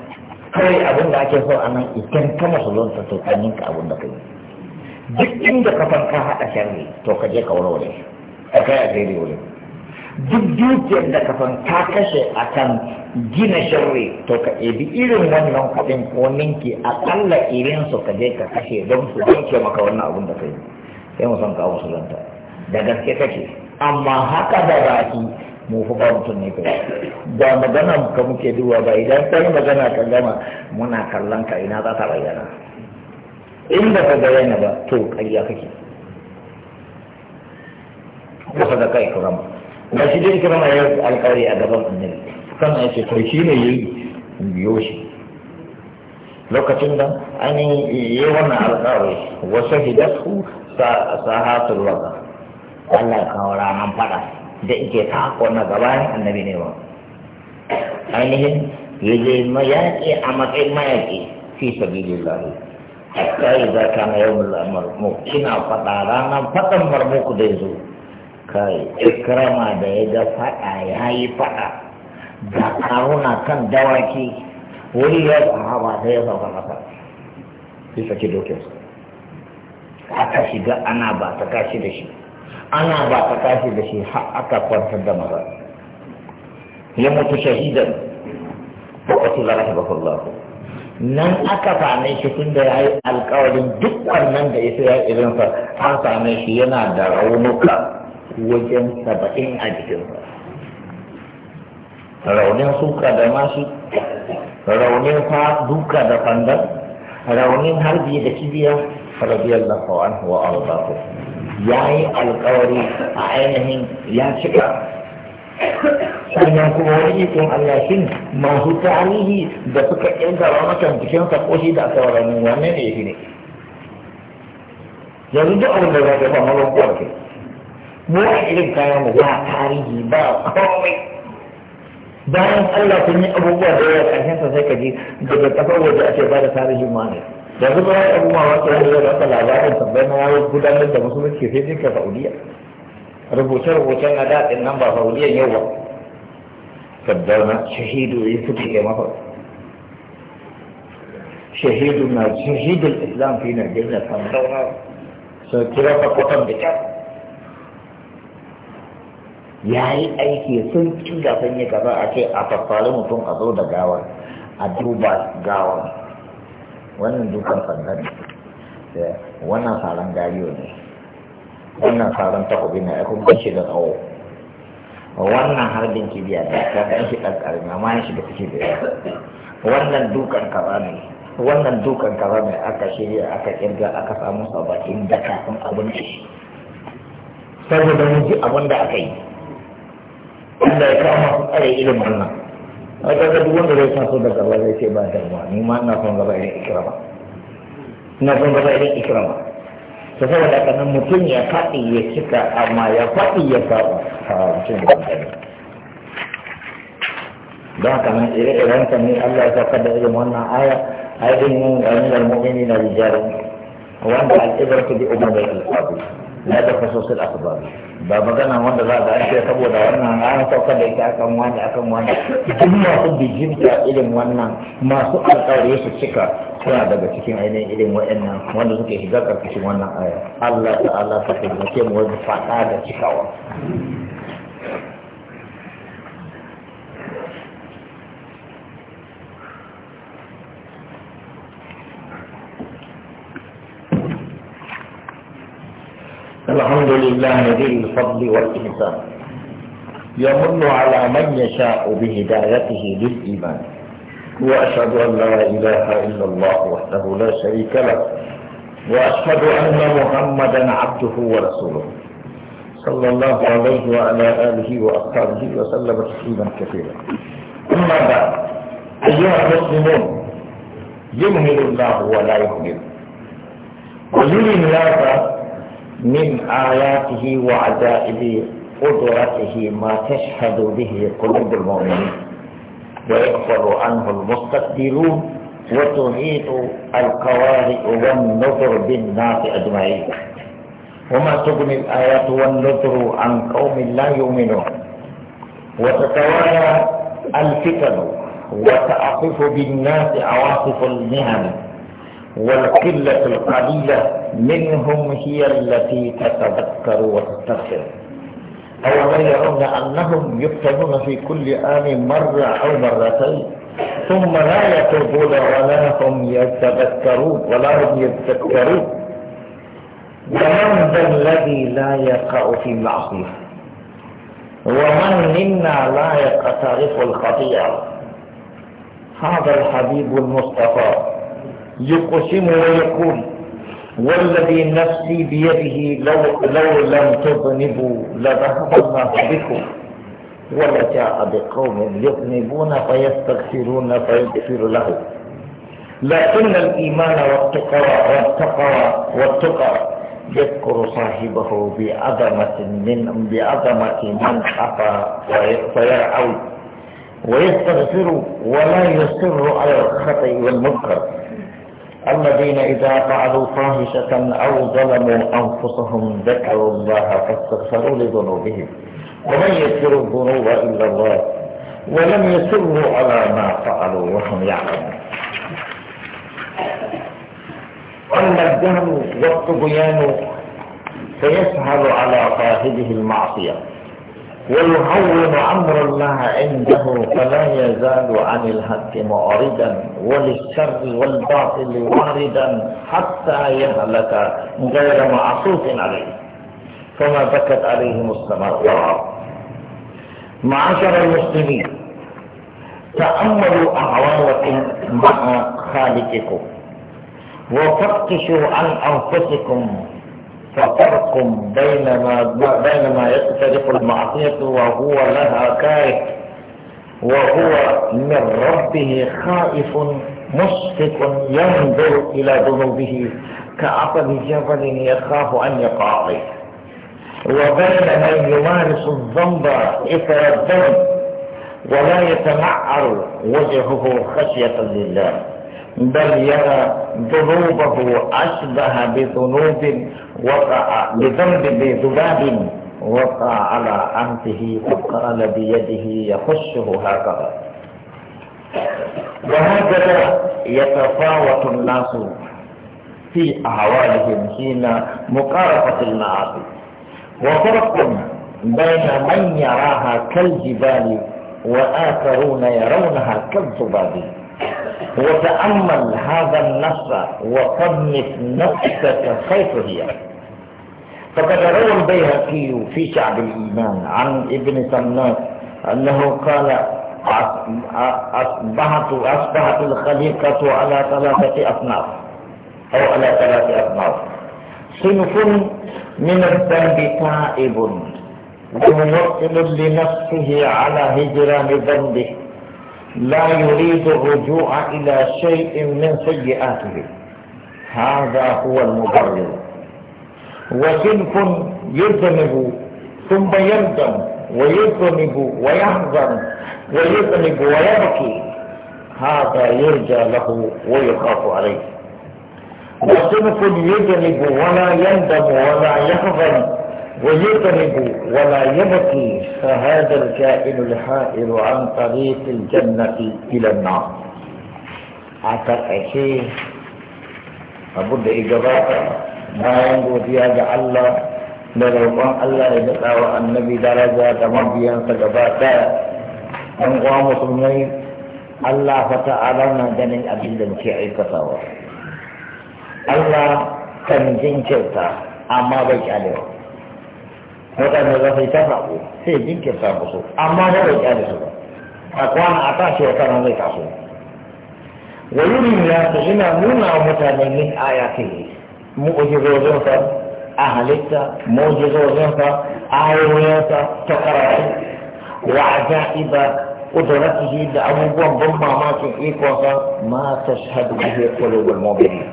kai abin da ake so a nan idan ka musulunta to ka ninka abin da kai duk inda ka san ka haɗa sharri to ka je ka warware A kai a daidai wuri duk dukiyar da ka san ka kashe a kan gina sharri to ka ɗebi irin wannan kuɗin ko ninki aƙalla irin su ka je ka kashe don su ɗauke maka wannan abin da kai sai mu san ka musulunta da gaske kake amma haka da baki mu fa ba mutum ne kai ba magana ka muke duwa ba idan yi magana ka gama muna kallon ka ina za ta bayyana in ba ka bayyana ba to ƙarya kake ko ka ga kai kurama ba shi dai kurama ya alƙawari a gaban annabi Kan ya ce kai shi ne yayi biyo shi lokacin da an yi wannan alƙawari wasu hidatu sahatul waga Allah kawo ranar fada da ike ta na ne annabi ne ba ainihin ya je yaƙi a matsayin mayaƙi fi sabilillahi hatta na yau yawmul marmu kina faɗa ranar faɗan marmuku da yazo kai ikrama da ya ga faɗa ya yi faɗa da karuna kan dawaki wuri ya sahaba sai ya sauka masa Fi saki dokin aka shiga ana ba ta kashi da shi ana ba ta tashi da shi har aka kwantar da maza ya mutu shahidan ba wasu zara ba kullahu nan aka same shi tun da ya yi alkawarin duk wannan da ya ya irinsa an same shi yana da raunuka wajen saba'in a jikinsa raunin suka da mashi raunin fa duka da fandan raunin harbi da kibiya radiyallahu anhu wa arzahu ya yi alkawari a ainihin ya cika sannan kuma wani ikon Allah masu tarihi da suka ƙirgara wancan cikin koshi da aka warani wannan ne shi ne yanzu duk abin da za ka samu ruwan kwarfe mu a irin kayan mu ba tarihi ba komai bayan Allah sun yi abubuwa da yawa ƙarshen sai ka ji daga kasar waje ake ba da tarihin ma ne da zuba ya abubuwa wasu yanzu da wasu labarin tambayar na yawon gudanar da musulunci sai sai ka saudiya rubuce-rubucen na daɗin nan ba sauriyan yau ba na shahidu ya fi ke mafa shahidu na shahidun islam fi najeriya saddauna sun kira fakwatan da kyau ya yi aiki sun kin gasan yi kaza a ce a faffari mutum a zo da gawar a duba gawar wannan dukan sanda ne wannan saran gariyo ne wannan saran takobi na yakun bashi da tsawo wannan harbin kibiya ne ka ɗan shi ɗan ƙarami amma shi da kuke da yawa wannan dukan kaza ne wannan dukan kaza ne aka shirya aka kirga aka samu saba'in da kafin shi saboda mun ji abin da aka yi wanda ya kama su tsare ilimin nan a ta duk wanda zai san so da gaba zai ce ba ruwa ni ma ina son gaba irin ikirama ina son gaba irin ikirama ta saboda kana nan mutum ya faɗi ya cika amma ya faɗi ya faɗi a mutum da gani don haka nan ire-iren ta ne Allah ya saukar da irin wannan aya aidin yin ganin da mu'mini na rijalin wanda al'ibarku bi umar da al'adu na da fasosin akbar ba magana wanda za ga ce saboda wannan an sauka da ita akan wani akan wani duk masu bijinta irin wannan masu alƙawari su cika suna daga cikin ainihin irin wa'annan wanda suke shiga karkashin wannan aya Allah ta'ala ta taimake mu wajen faɗa da cikawa الحمد لله ذي الفضل والإحسان يمن على من يشاء بهدايته للإيمان وأشهد أن لا إله إلا الله وحده لا شريك له وأشهد أن محمدا عبده ورسوله صلى الله عليه وعلى آله وأصحابه وسلم تسليما كثيرا أما بعد أيها المسلمون يمهل الله ولا يهمل ويري الله من آياته وعجائب قدرته ما تشهد به قلوب المؤمنين ويغفر عنه المستكبرون وتهيئ القوارئ والنذر بالناس أجمعين وما تغني الآيات والنذر عن قوم لا يؤمنون وتتوالى الفتن وتعطف بالناس عواصف المهن والقلة القليلة منهم هي التي تتذكر وتستغفر أو لا يرون أنهم يفتنون في كل آن مرة أو مرتين ثم لا يتوبون ولا هم يتذكرون ولا هم يذكرون ومن ذا الذي لا يقع في معصية ومن منا لا يقع تعرف الخطيئة هذا الحبيب المصطفى يقسم ويقول والذي نفسي بيده لو, لو لم تذنبوا لذهب الله بكم ولجاء بقوم يذنبون فيستغفرون فيغفر له لكن الإيمان والتقى والتقى والتقى يذكر صاحبه بعظمة من بعظمة من خفى فيرعون ويستغفر ولا يصر على الخطأ والمنكر الذين إذا فعلوا فاحشة أو ظلموا أنفسهم ذكروا الله فاستغفروا لذنوبهم ومن يغفر الذنوب إلا الله ولم يسروا على ما فعلوا وهم يعلمون أما الدهر والطغيان فيسهل على صاحبه المعصية ويهون أمر الله عنده فلا يزال عن الحق معرضا وللشر والباطل واردا حتى يهلك غير معصوص عليه فما بكت عليهم السماء والأرض معاشر المسلمين تأملوا أعوانكم مع خالقكم وفتشوا عن أنفسكم ففرق بين ما بين ما يقترف المعصية وهو لها كاره وهو من ربه خائف مشفق ينظر إلى ذنوبه كعقل جبل يخاف أن يقع عليه وبين من يمارس الذنب إثر الذنب ولا يتمعر وجهه خشية لله بل يرى ذنوبه أشبه بذنوب وقع بذنب بذباب وقع على أنفه فقال بيده يخشه هكذا وهكذا يتفاوت الناس في أحوالهم حين مقارفة المعاصي وفرق بين من يراها كالجبال وآخرون يرونها كالذباب وتأمل هذا النص وصنف نفسك حيث هي فقد روى البيهقي في شعب الإيمان عن ابن سناس أنه قال أصبحت أصبحت الخليقة على ثلاثة أصناف أو على ثلاثة أصناف صنف من الذنب تائب وموصل لنفسه على هجران ذنبه لا يريد الرجوع إلى شيء من سيئاته هذا هو المبرر وسلف يذنب ثم يندم ويذنب ويحزن ويذنب ويبكي هذا يرجى له ويخاف عليه وسلف يذنب ولا يندم ولا يحزن ويضرب ولا يبكي فهذا الكائن الحائر عن طريق الجنة إلى النار أتأشي أبدا إجابة ما ينبو فيها الله لروقان الله يبقى النبي درجة مبيا فجباتا أن قام مسلمين الله فتعالى ما جنين أبدا شيء كتاوى الله كان جنكتا أما بيش عليه waɗanda za su yi ta faɗo sai jinkirta musu amma na bai kyale su ba a kwana a tashi wata nan zai taso wa yuri ya su ina nuna wa mutane min ayatihi mu'jizozinsa a halitta mu'jizozinsa ayoyinsa ta karatu wa ajaiba da abubuwan ban mamakin تنقيق وصا ما تشهد به قلوب المؤمنين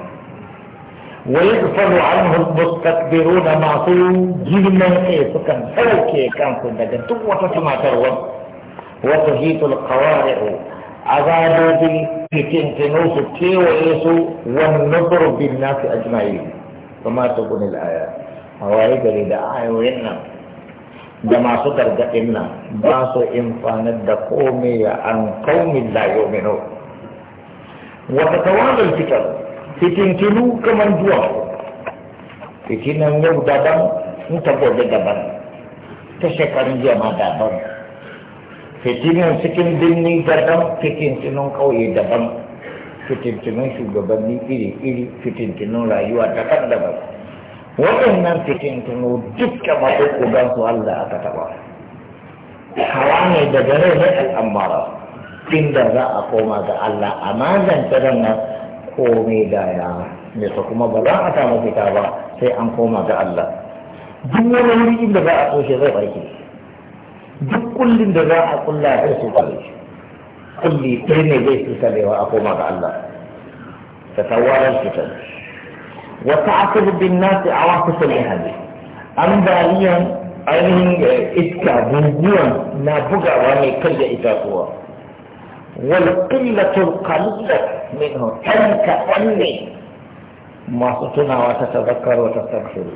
ويغفل عنه المستكبرون ما سوء جلما كيف كان فوكي كان كنت دوة ما تروم وتهيت القوارع عذاب بكين تنوس كي ويسو والنظر بالناس أجمعين فما تكون الآيات هواي قريد آية وإنم da masu gargaɗin nan ba su infanar da kome an kaumin la yomino wata tawagar fitar fitintinu kamar zuwa fitinan yau daban in ta gobe daban ta shekarun jiya ma daban fitinan cikin birni daban fitintinun kauye daban fitintinun shugabanni iri-iri fitin fitintinun rayuwa daban-daban waɗannan tunu dukkan masu ƙudan su Allah aka taɓa hawa ne daga rai na al'amara inda za a koma ga Allah a magance nan komai da ya nisa kuma ba za a samu fita ba sai an koma ga Allah duk wani wuri da za a toshe zai barke duk kullum da za a kulla zai su bari kulli ɗaya ne zai tutalewa a koma ga Allah ta tawarar fitar wata asibu bin nasi a wasu sulihani ambaliyan ainihin eh, iska guguwan na bugawa mai karya itatuwa والقلة القليلة منه تلك أني ما ستنا وتتذكر وتستغفر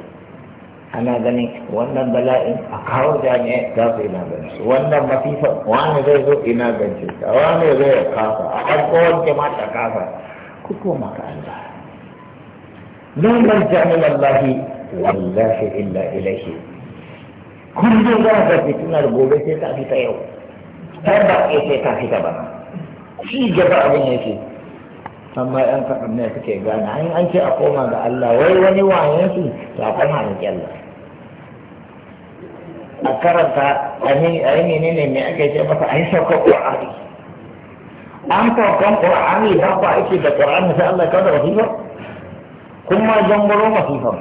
أنا غني وأنا بلاء أقاو جاني داب إلى بنش وأنا مفيفة وأنا زيزو إلى بنش وأنا زي أقافة أقل قوة جماعة أقافة كتو ما كألا لا ملجأ من الله والله إلا إليه كل ذلك فتنة ربوبة تأتي تيو تبقى إيه تأتي تبقى shi gaba abin yake amma yan kaɗan ne suke gane an an ce a koma ga Allah wai wani wayan su ta a koma ga Allah a karanta a yi menene me ake ce masa a yi sauka ƙwa'ari an saukan ƙwa'ari ba ba ake da ƙwa'ari sai Allah kada wasifa kuma jambaro masifa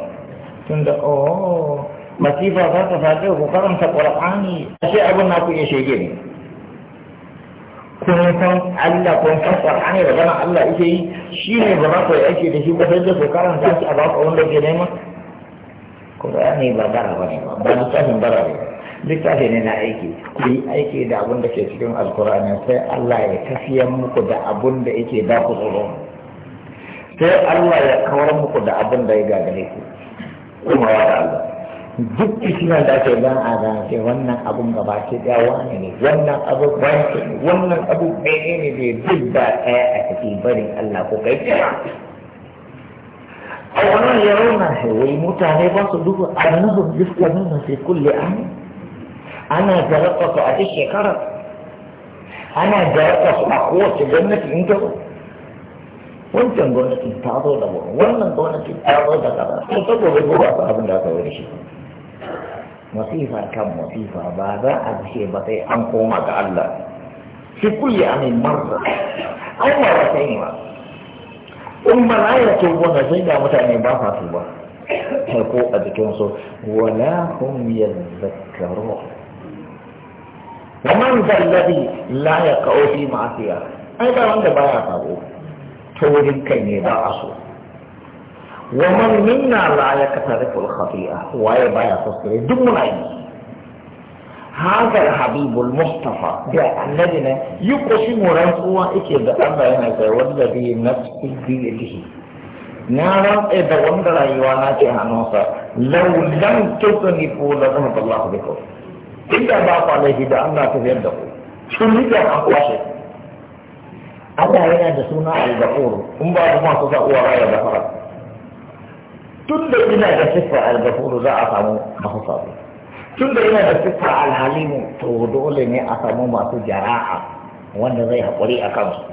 tun da oh masifa za ta faɗi ku karanta ƙwa'ari ce abin na ku iya shege ne kun san Allah kun san Qur'ani da gana Allah yake yi shi ne ba za ku yi aiki da shi ba sai da ku karanta shi a ba ku wanda ke nema Qur'ani ba bara ba ne ba na littafin bara ne ta ne na aiki ku yi aiki da abin da ke cikin alkur'ani sai Allah ya tafiyar muku da abin da yake ba ku tsoro sai Allah ya kawar muku da abin da ya gagare ku kuma wa Allah duk fitinan da ake zan a gane wannan abun gaba ke daya wani ne wannan abu banki ne wannan abu bene ne ne duk da ɗaya a cikin barin Allah ko kai kira a wannan ya rauna wai mutane ba su duhu a nahun jiska nuna sai kulle an ana jarabta su a duk shekara ana jarabta su a kowace gwamnati in gaba wancan gwamnati ta zo da wannan gwamnati ta zo da kaza to saboda gobe abin da aka wuri shi masifa kan masifa ba za a ce ba sai an koma ga Allah shi kulli amin marra an wa wata yi ba in ba za ya tuba na sai ga mutane ba sa tuba ko a jikin su wala hum yadhakkaru wa man dalladhi la yaqau fi ma'siya ai ba wanda baya sabo to wurin kai ne ba a so ومن منا لا يكترف الخطيئة ويبقى يتصل دم العين هذا الحبيب المصطفى ده الذي يقسم رسوا إكيد أما أنا والذي نفسي بيده نعم إذا إيه وندر أيوانا كهانوسا لو لم تكنفوا لذهب الله بكم إذا باق عليه ده أنا كثير دقو شنو ده أقوى Allah yana da suna al-Ghafur in ba kuma su sa tunda ina da siffar algafuru za a samu masu sabu tun da ina da siffar alhalimu to dole ne a samu masu jara'a wanda zai haƙuri a su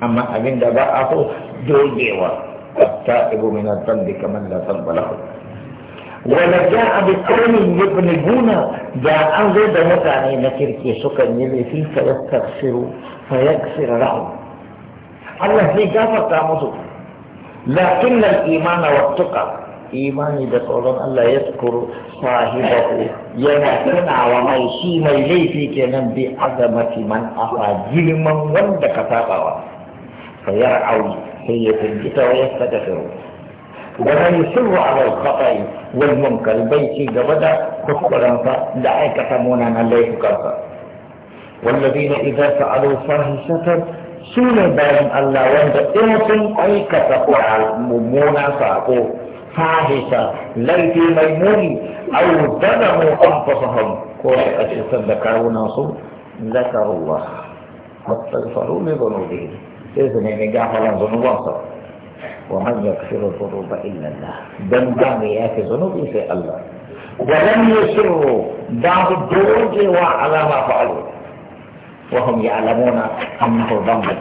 amma abin da ba a so dogewa ta ibu min zambi kamar la zamba lahu wala ja'a bi yubni yubnibuna da an zo da mutane na kirki sukan yi laifi fa yastaghfiru fa yaghfir rahu Allah zai gafarta musu lakin nan imana wa tuka imani da tsoron Allah ya tsoro sahibahu yana tunawa mai shi mai laifi kenan bi azamati man afa girman wanda ka sabawa sayar auri sai ya firgita wa ya saka firu wani yusuru ala alkhatai wal munkar bai ci gaba da kuskuren sa da aikata munanan laifukansa والذين إذا فعلوا فاحشة sune bayan Allah wanda in sun aikata mummuna sako fahisha laifi mai muni au an fasahum ko su kashe da kawunan su zakarullah fastaghfiru li dhunubihim sai su halan gafaran zunubansa wa man yaghfiru dhunuba illa Allah dan ne ya ce zunubi sai Allah wa lam yusiru da su alama fa'alu وهم يعلمون أنه ضمن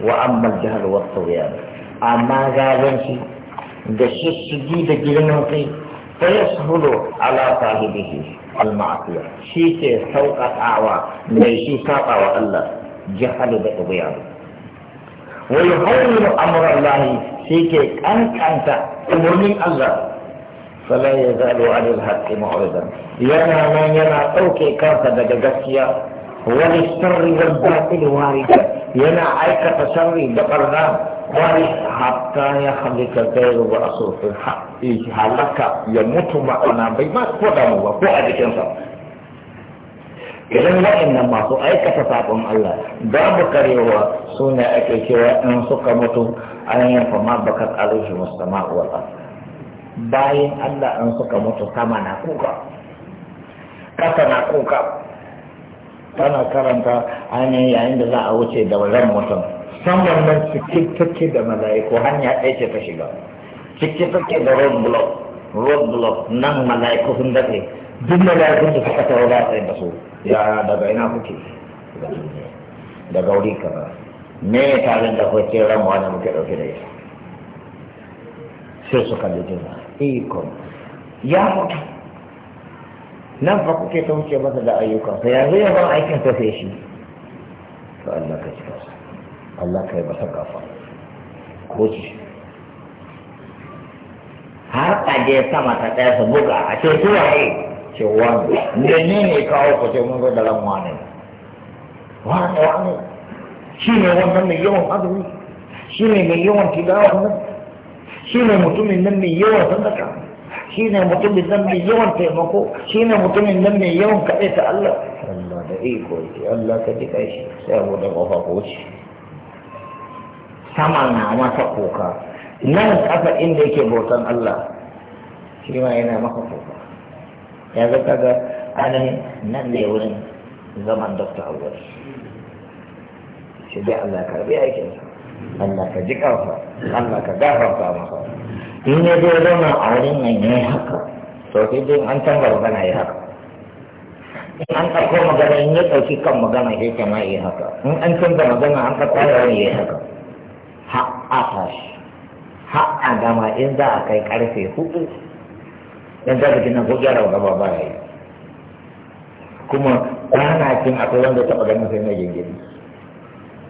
وأما الجهل والطغيان أما ذلك دشي الشديد جلنوتي فيسهل على صاحبه المعصية شيك سوق أعوى ليش ساق وألا جهل بطغيان ويهون أمر الله شيك أنت أنت أمر من الله فلا يزال عن الحق معرضا ينا من ينا أوكي كافة دجاجسيا وللشر والباطل واردا ينا عيك تشري بقرنا وارد حتى يخلق الغير ورسول في الحق يهلك يموت معنا بما قدموا وقوع بكنسا idan waɗannan masu aikata saƙon Allah babu karewa suna ake cewa in suka mutu an yanfa ma bakar alushi musamman wal ardh bayan Allah an suka mutu sama na kuka kasa na kuka tana karanta ainihin yayin da za a wuce da wajen mutum saman nan cikin da mala'iku hanya ɗaya ce ta shiga cikin take da road block road block nan mala'iku sun dafe duk mala'ikun da suka taro za a da su ya daga ina kuke daga wuri kaza me ya tarin da kwace ran wani muke ɗauke da ita sai su kalli juna ikon ya mutu nan fa kuke ta wuce masa da ayyukansa yanzu ya zama aikin ta sai shi to Allah ka cika su Allah ka yi masa kafa ko ci har a je sama ta ɗaya su buga a ce su waye ce wani ne ne ne kawo ku ce mun zo da ran wani wani wani shi ne wannan mai yawan azumi shi ne mai yawan tilawa nan shi ne mutumin nan mai yawan sadaka shi ne mutumin nan mai yawan taimako shi ne mutumin nan mai yawan kaɗai ta Allah Allah da iko yake Allah ka ji kai shi sai abu da kofa ko ce sama na masa koka nan kasa inda yake bautan Allah shi ma yana maka koka ya ga kaga anan nan ne wurin zaman dokta awwal shi dai Allah karbi aikinsa Allah ka ji ƙarfa Allah ka gafarta masa in ya zo zama a wurin nan ya yi haka to sai dai an canza magana ya haka in an ɗauko magana in ya ɗauki kan magana ta ma ya haka in an canza magana an ɗauko da wani ya haka Ha'a ta shi ha'a gama in za a kai ƙarfe hudu dan za ka gina ko gyara gaba ba ya yi kuma kwanakin akwai wanda taɓa ganin sai na gingiri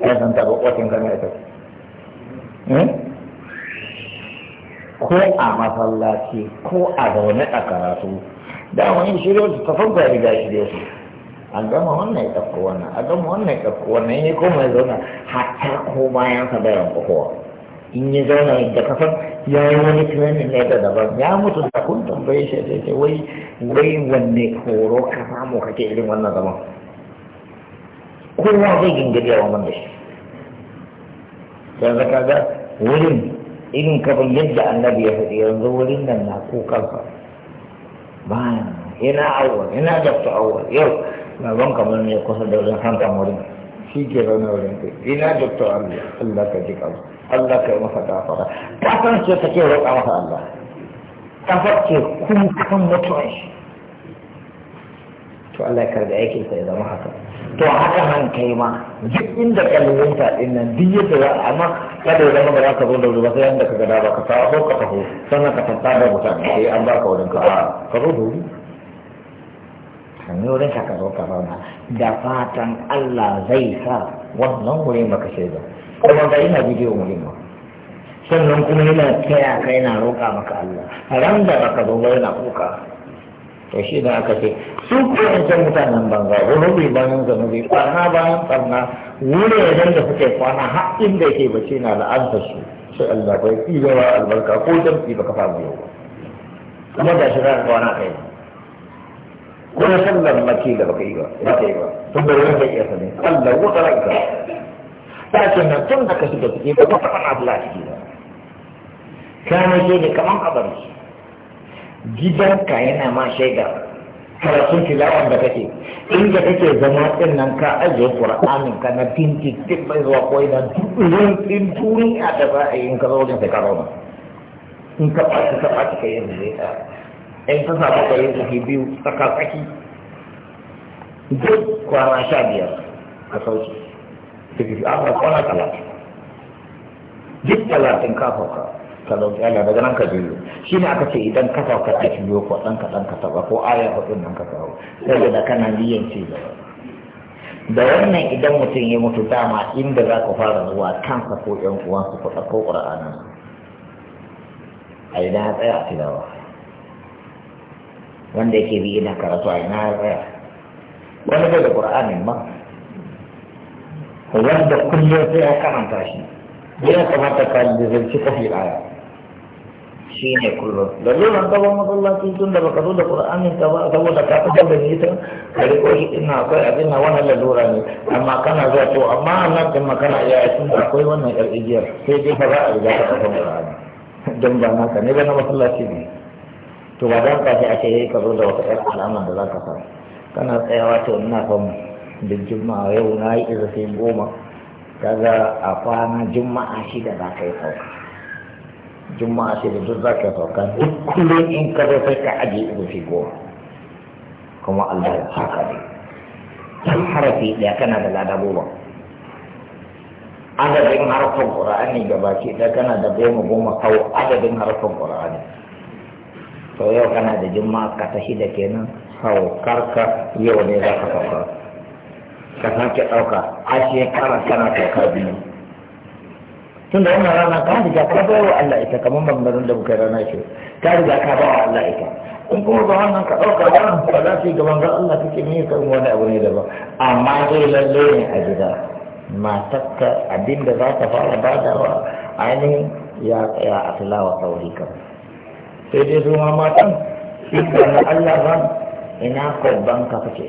ya san taɓa ƙwacin gana ya tafi Eh? ko a masallaci ko a zaune a karatu dama yin shirya su tafan ba riga shirya su a gama wannan ya ɗauko wannan a gama wannan ya ɗauko wannan ya koma ya zauna hatta ko bayan sa bayan kokowa in ya zauna da kafar, ya yi wani tunanin ne da daban ya mutu da kun tambaye shi sai ce, wai wai wanne horo ka samu kake irin wannan zaman kowa zai gingiri a wannan shi yanzu kaga wurin irin kamar yadda annabi ya faɗi yanzu wurin nan na kukansa ba yana awwal yana dafta awwal yau na baban kamar ne kusa da wajen hanta wurin shi ke zaune wurin kai ina dafta allah allah ka ji kansa allah ka yi masa gafara ka san ce take roƙa masa allah ka farce kukan mutuwan shi to allah ya karbi aikinsa ya zama haka to haka nan kai ma duk inda kalbin ta din duk yadda za a ma kada zama ba za ka zo da ruwa sai yanda ka gada ba ka sa ko ka taho sannan ka tanta da mutane sai an ba ka wurin ka ka zo da wuri wurin ka ka zo ka zauna da fatan Allah zai sa wannan wuri maka shaida kuma ga ina bidiyo ma sannan kuma yana taya kai yana roƙa maka Allah ran da ka zo ba yana kuka to shi da aka ce su can mutanen banza zunubi bayan zunubi kwana bayan kwana wuraren da suke kwana har inda yake bace na la'anta su sai Allah bai tsibawa albarka ko fi baka samu yau ba kuma da shi za ka kwana kai ko na sallar maki da baka yi ba ba ta yi ba tun da wani bai iya sani Allah ko tsara ita ta ce na tun da ka shiga ciki ba ta faɗa Allah ciki ba kana ce ne kaman abarci ka yana ma shaida karatun tilawan da kake inda kake zama din nan ka ajiye qur'anin ka na tinti tin bai zuwa ko ina durin din turin a da ba a yi in ka zo da ka in ka fashi ka fashi ka yin zai ta in ka samu ka yin sahi biyu tsaka tsaki duk kwana sha biyar ka sauki duk a kwana talatin duk talatin ka fauka ka zauki Allah daga nan ka biyo shi ne aka ce idan ka sauka ka biyo ko ɗan ka ɗan ka taɓa ko aya ɗin nan ka kawo daga kana biyan ci gaba da wannan idan mutum ya mutu dama inda za ka fara zuwa kansa ko ƴan uwansu ko ɗauko ƙur'anin a idan ya tsaya a tilawa wanda yake bi ina karatu a ina ya tsaya wani bai da ƙur'anin ma wanda kullum sai ya karanta shi yana kamata ka lizarci kafin aya shi ne kullum laluran ka ba masallaci tun da baka zo da qur'anin ka ba saboda ka fi da ni ta ka riko shi ina akwai abin na wannan lalura ne amma kana zuwa to amma nan din makana ya yi tun da akwai wannan yar igiyar sai dai ba za a riga ka kafa qur'ani don ba naka ne ba na masallaci ne to ba dan ka sai a ka zo da wata yar alama da za ka sa kana tsayawa to ina son da juma'a yau na yi izafin goma kaga a kwana juma'a shida za ka yi sauka juma'a ce da duk zaka sauka duk kullum in ka zo sai ka aje shi goma kuma Allah ya saka ne dan harafi ɗaya kana da lada goma adadin harafin ƙura'ani gabaki ɗaya kana da goma goma kawo adadin harafin ƙura'ani to yau kana da juma'a ka tashi da kenan saukar ka yau ne za ka sauka ka sake ɗauka a shekara kana sauka biyu tunda wannan rana ka riga ka ba wa Allah ita kamar mambarin da muka rana ce ka riga ka ba wa Allah ita in kuma ba wannan ka ɗauka ba ba za su yi gaban ga Allah kake ne kan wani abu ne ba amma dai lalle ne a gida matakka abinda za ta fara wa ainihin ya tsaya a tilawa sauri kan sai dai su ma matan in na Allah ba ina kwabban ka fice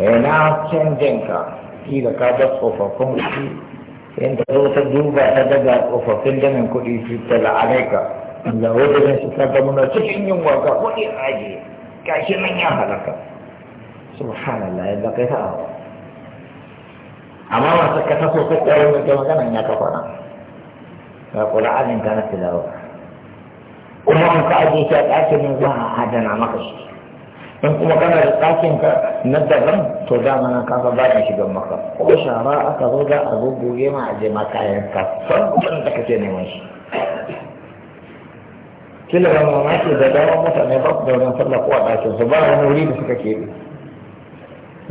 ina canjin ka ka da tsofaffin kuɗi انت زوجة دوبة تدبع وفقل من كل يتبع عليك إلا وجد من سفاك من سجن يموك ولي عجي كأشي من يهلك سبحان الله إذا قفا أما ما سكت سوفت أول من كما كان إنك فانا فقل عالم كانت تلاوك أمام كأجي شاك أشي من زهر حدا نعمك الشيء in kuma kana da ɗakin ka na daban to dama na kafa ba a shigan maka ko shara aka zo da a goge ma a je ma kayan ka san farkon da kake ne wani kila ga ba mamaki da dawo mata ne ba da wajen sallah ko da ce su ba wani wuri da suka keɓe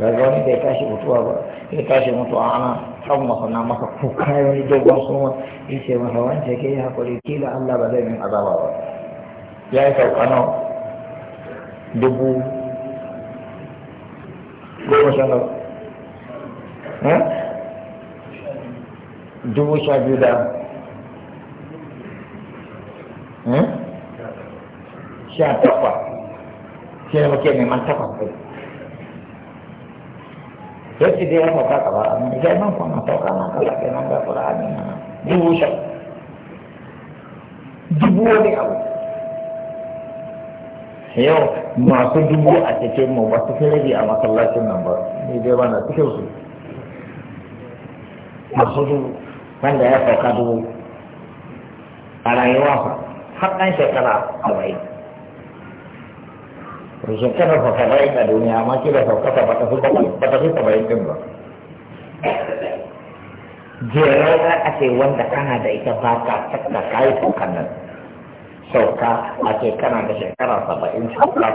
da ga wani bai tashi mutuwa ba ya tashi mutuwa ana kan masa na masa kuka ya wani dogon suma ya ce masa wance ke yi haƙuri kila Allah ba zai min azaba ba ya yi sauƙa nawa dubu goma sha nawa dubu sha biyu da hmm? sha takwas shi ne muke neman takwas ɗin yadda dai ya sauka ka ba a nan idan nan kuma sauka na kala ke nan ga ƙura'ani na dubu sha dubu wani abu yau masu dubu a cikin mu ba su a masallacin nan ba ni dai ba na cikin su masu dubu wanda ya sauka dubu a rayuwa har ɗan shekara arba'in kana sauka saba'in a duniya amma kila sauka ba ta fi saba'in ɗin ba jerawa a ce wanda kana da ita ba ka sakka kayi saukan nan sauka a shekara da shekara saba'in tana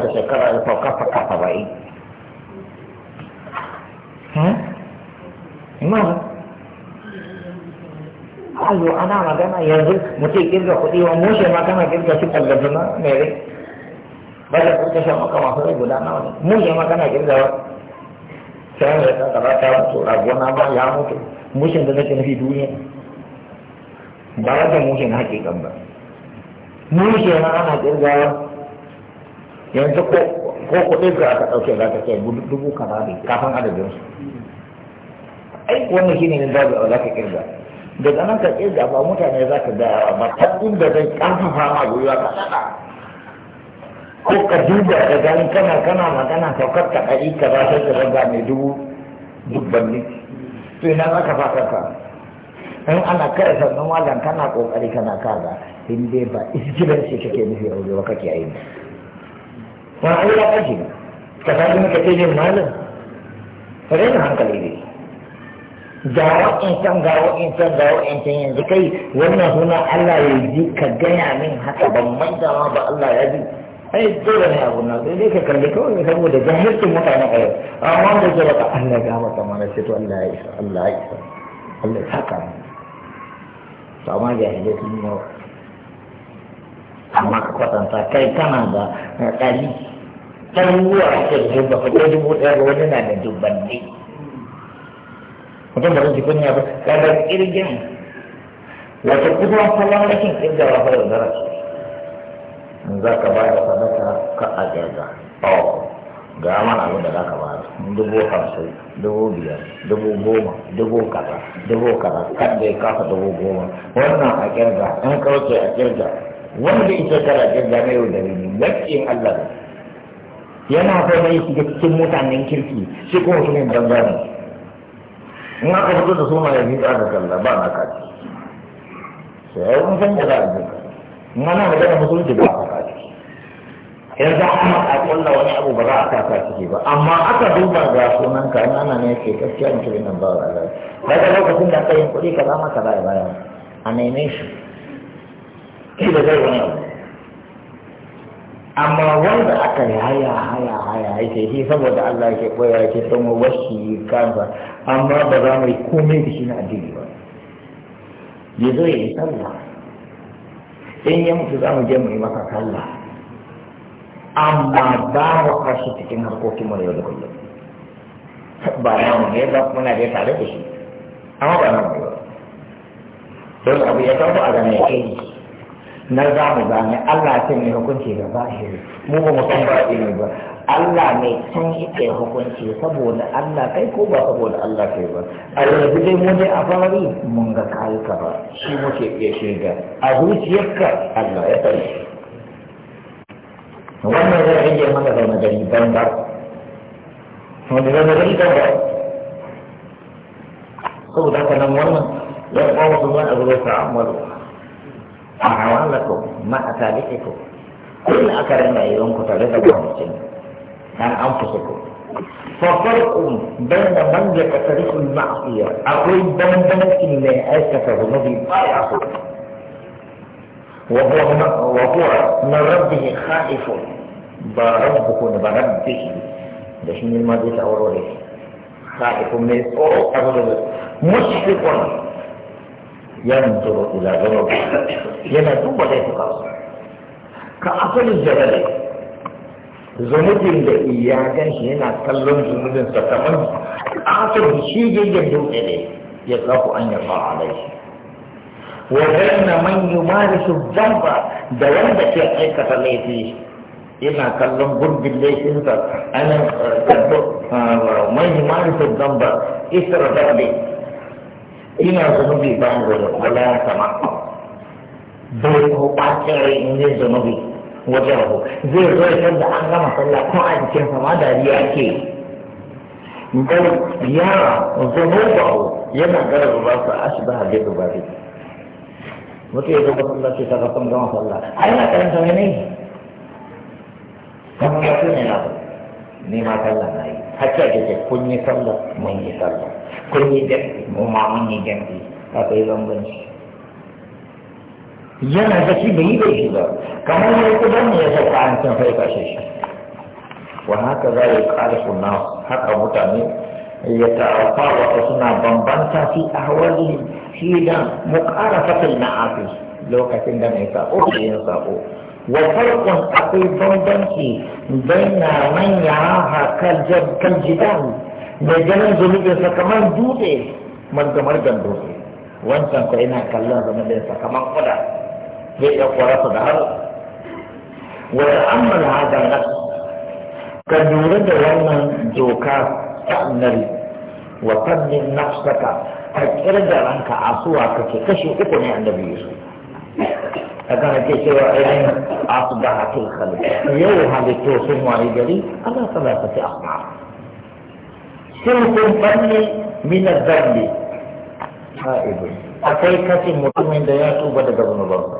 da shekara da sauka faka saba'in ma hmm? allo ana magana yanzu mutu kirga kuɗi wa mushe ma kana kirga shi kallazuna mai rai ba da kuka shan maka masu rai guda nawa ne mushe ma kana kirga wa sai mai ta tsara ta mutu ragona ma ya mutu mushin da nake nufi duniya ba wajen mushin hakikan ba mu ke nan ana kirgawa yanzu ko kuɗi ka aka ɗauke za ka ce dubu kaza ne kafin adadin su ai wannan shine ne zabi za ka kirga daga nan ka kirga ba mutane za ka ga ba ta inda zai ƙarfafa ma gwiwa ka ɗaɗa ko ka duba da ganin kana kana magana saukar ka ɗari ka ba sai ka raga mai dubu dubbanni to ina za ka fasa ka. in ana kai sannan wajen kana kokari kana kaza in dai ba shi kake nufi a wajen kake yi wani an ya kashi ka sa ka ce ne malam raina hankali ne ga can ga can ga can yanzu kai wannan suna Allah ya ji ka gaya min haka ban manta ma ba Allah ya ji ai dole ne abu na dai ka kalli kawai saboda jahilcin mutane a yau amma da ke baka Allah ya gama mana sai to Allah ya isa Allah ya isa Allah ya saka mu sama jahilai sun yi amma ka kwatanta kai kana da ɗari ɗaruruwa ake da dubba ka ko dubu ɗaya ba wani na da dubban ne mutum ba zai ji kunya ba kada kirgin wata kuduwa salon rashin kirgawa ba yaudara ce in za ka ba da sadaka ka a kirga oh. ga mana abin da za ka bada dubu hamsin dubu biyar dubu goma dubu kaza dubu kaza kan da ya kafa dubu goma wannan a kirga an kauce a kirga wanda ita kara kirga na yau da rini lakin allah ne yana so ne ga cikin mutanen kirki shi kuma su ne banza ne in aka fito da suna ma yanzu za ka kalla ba na kaci sai an in san da za a jirka in ana magana musulunci ba a kaci yanzu kuma a kulla wani abu ba za a kasa ciki ba amma aka duba ga sunan ka ina nan ne ke gaskiya in kiri nan ba wa Allah daga lokacin da kai yi kuɗi ka za maka bai baya a neme shi ki da zai wani abu amma wanda aka yi haya haya haya yake shi saboda Allah yake koya yake son washi kansa amma ba za mu yi komai da shi na addini ba ya zo ya yi sallah in ya mutu za mu je mu yi maka sallah amma ba mu kashi cikin harkokin mu yau da kullum ba na mu ne ba muna dai tare da shi amma ba na mu ba don abu ya tafi a gane ya ce na za mu gane Allah ce mai hukunci da zahiri mu ba mu san ba ilimi ba Allah mai san ita hukunci saboda Allah kai ko ba saboda Allah kai ba a yanzu dai mu dai a fari mun ga kayuka ba shi muke iya shiga a zuciyarka Allah ya sani wannan zai rage mana zaune gari ban ba wanda zaune gari ban ba saboda haka nan wannan ya kawo su wani abu da ta'ammalu a hawalakum ma a talikikum kullum aka rinna yawan ku tare da gwamnatin an an fusa ku ففرق بين من يتفرق المعصية أقول بين بين إن لا أكثر الذي لا يعصي وهو وهو من ربه خائف بربه بربه ده ما الماضي تعوره خائف من صوره مشفق ينظر الى ذنوبه ينظر ليس قاصر كأصل الجبل zunubin اللي iya هنا تلون yana ستمن zunubin sa جيد asir إليه gegen أن ne عليه wa baina man yumarisu dhanba da wanda ke aikata laifi ina kallon gurbin laifinsa anan tabbo man yumarisu dhanba isra dhanbi ina zunubi bayan zunubi wala sama bai ko bacin rai in zai zunubi wajen rabu zai zo ya da an gama sallah ko a jikin sama dariya ke bal yara zunubahu yana gara zubarsa ashbaha bi ba. mutum ya zo masallaci ta kun gama sallah a yana karanta mai ne kamar mutum ne na ba, ni ma sallah na yi hakka da ce kun yi sallah mun yi sallah kun yi jam'i mu ma mun yi jam'i akwai bambanci yana da shi bai yi bai shi ba kamar ya ku ne ya saka an san sai ka shi wa haka za yi kare sunna haka mutane ya ta'afa wa suna bambanta fi ahwalihim hina na ma'asi lokacin da mai sako ke yin sako wa farkon akwai bambanci baina man yaraha kal jidan da ganin zunubin sa kamar dutse margamar gandose wancan ko ina kallon zunubin sa kamar kuda zai kwara su da har wa ta'ammal hada na ka lura da wannan doka ta'nari wa tannin nafsaka ka da ranka asuwa kake kashe uku ne biyu su a kan ke cewa ainihin asu da hatul khalid yau halittu sun wani gari Allah ta lafa ta asma sun kun fanni min zambi ha'ibu akwai kashin mutumin da ya tuba daga zunubansa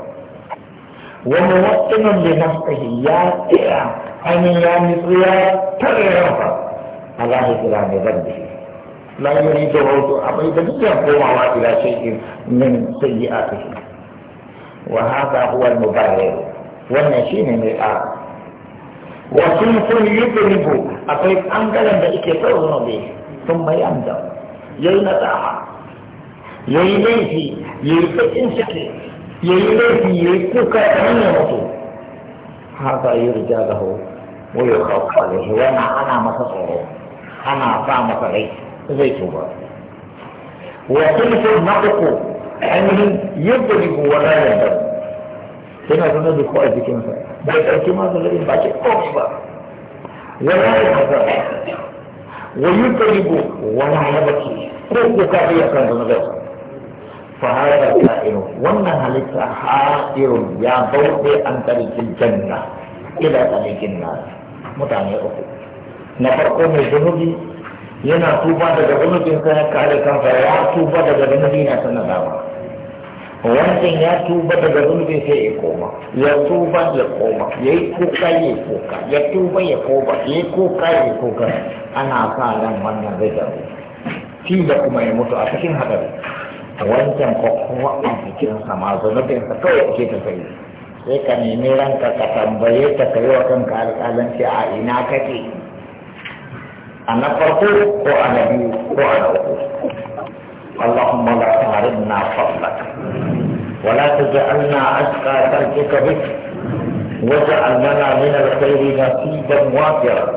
nan da na nafsihi ya tsaya hanyar ya nitsu ya tare ranka Allah ya kira ne zambi لا يريد موت أبيد بك قوة إلى شيء من سيئاته وهذا هو المبرر والنشين من الآن وصنف يضرب أطيب أنجلا بإك فرغن به ثم يندم يلنطاها يليه يلتئن سكي يليه يلتك أن يموت هذا يرجى له ويخاف عليه وأنا أنا متصور أنا فاهم عليه زيتما وقلت النقق عنه يضرب ولا يضرب هنا تنظر خواهد كما فعل بيت الكماد غريب باكي قصبا ولا يضرب ويضرب ولا يبكي قوك كافية كان تنظر فهذا كائن وانها لك حائر يا ضوء ان تلك الجنة الى تلك النار متعني اخو نفرق من جنوبي yana tuba daga zunubin sa ya kare kansa ya tuba daga zunubi na sana dama wancan ya tuba daga zunubin sai ya koma ya tuba ya koma ya yi kuka ya kuka ya tuba ya koma ya yi kuka ya kuka ana sa ran wannan zai dawo shi da kuma ya mutu a cikin hadari a wancan kokowa a cikin ma zunubin sa kawai ke ta sai sai ka nemi ranka ka tambaye ta kai wa kanka alƙalanci a ina kake أنا فرقو وأنا بي وأنا أقول اللهم لا تعرضنا فضلك ولا تجعلنا أشقى تركك بك واجعل لنا من الخير نصيبا وافرا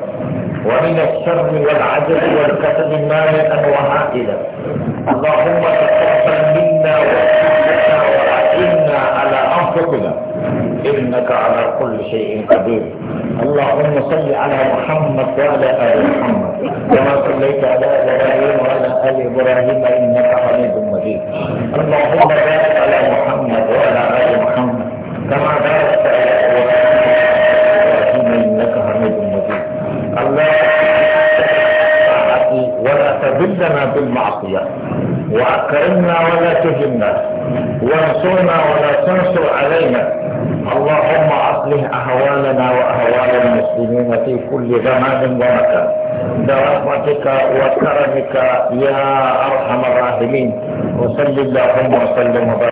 ومن الشر والعجز والكسل ما وهائلا اللهم تقبل منا وتقبل إنك على كل شيء قدير اللهم صل على محمد وعلى آل محمد كما صليت على إبراهيم وعلى آل إبراهيم إنك حميد مجيد اللهم بارك على محمد وعلى آل محمد كما باركت على إبراهيم إنك حميد مجيد اللهم ولا تذلنا بالمعصية وأكرمنا ولا تهنا وانصرنا ولا تنصر علينا اللهم اصلح اهوالنا واهوال المسلمين في كل زمان ومكان برحمتك وكرمك يا ارحم الراحمين وسلم اللهم وسلم وبارك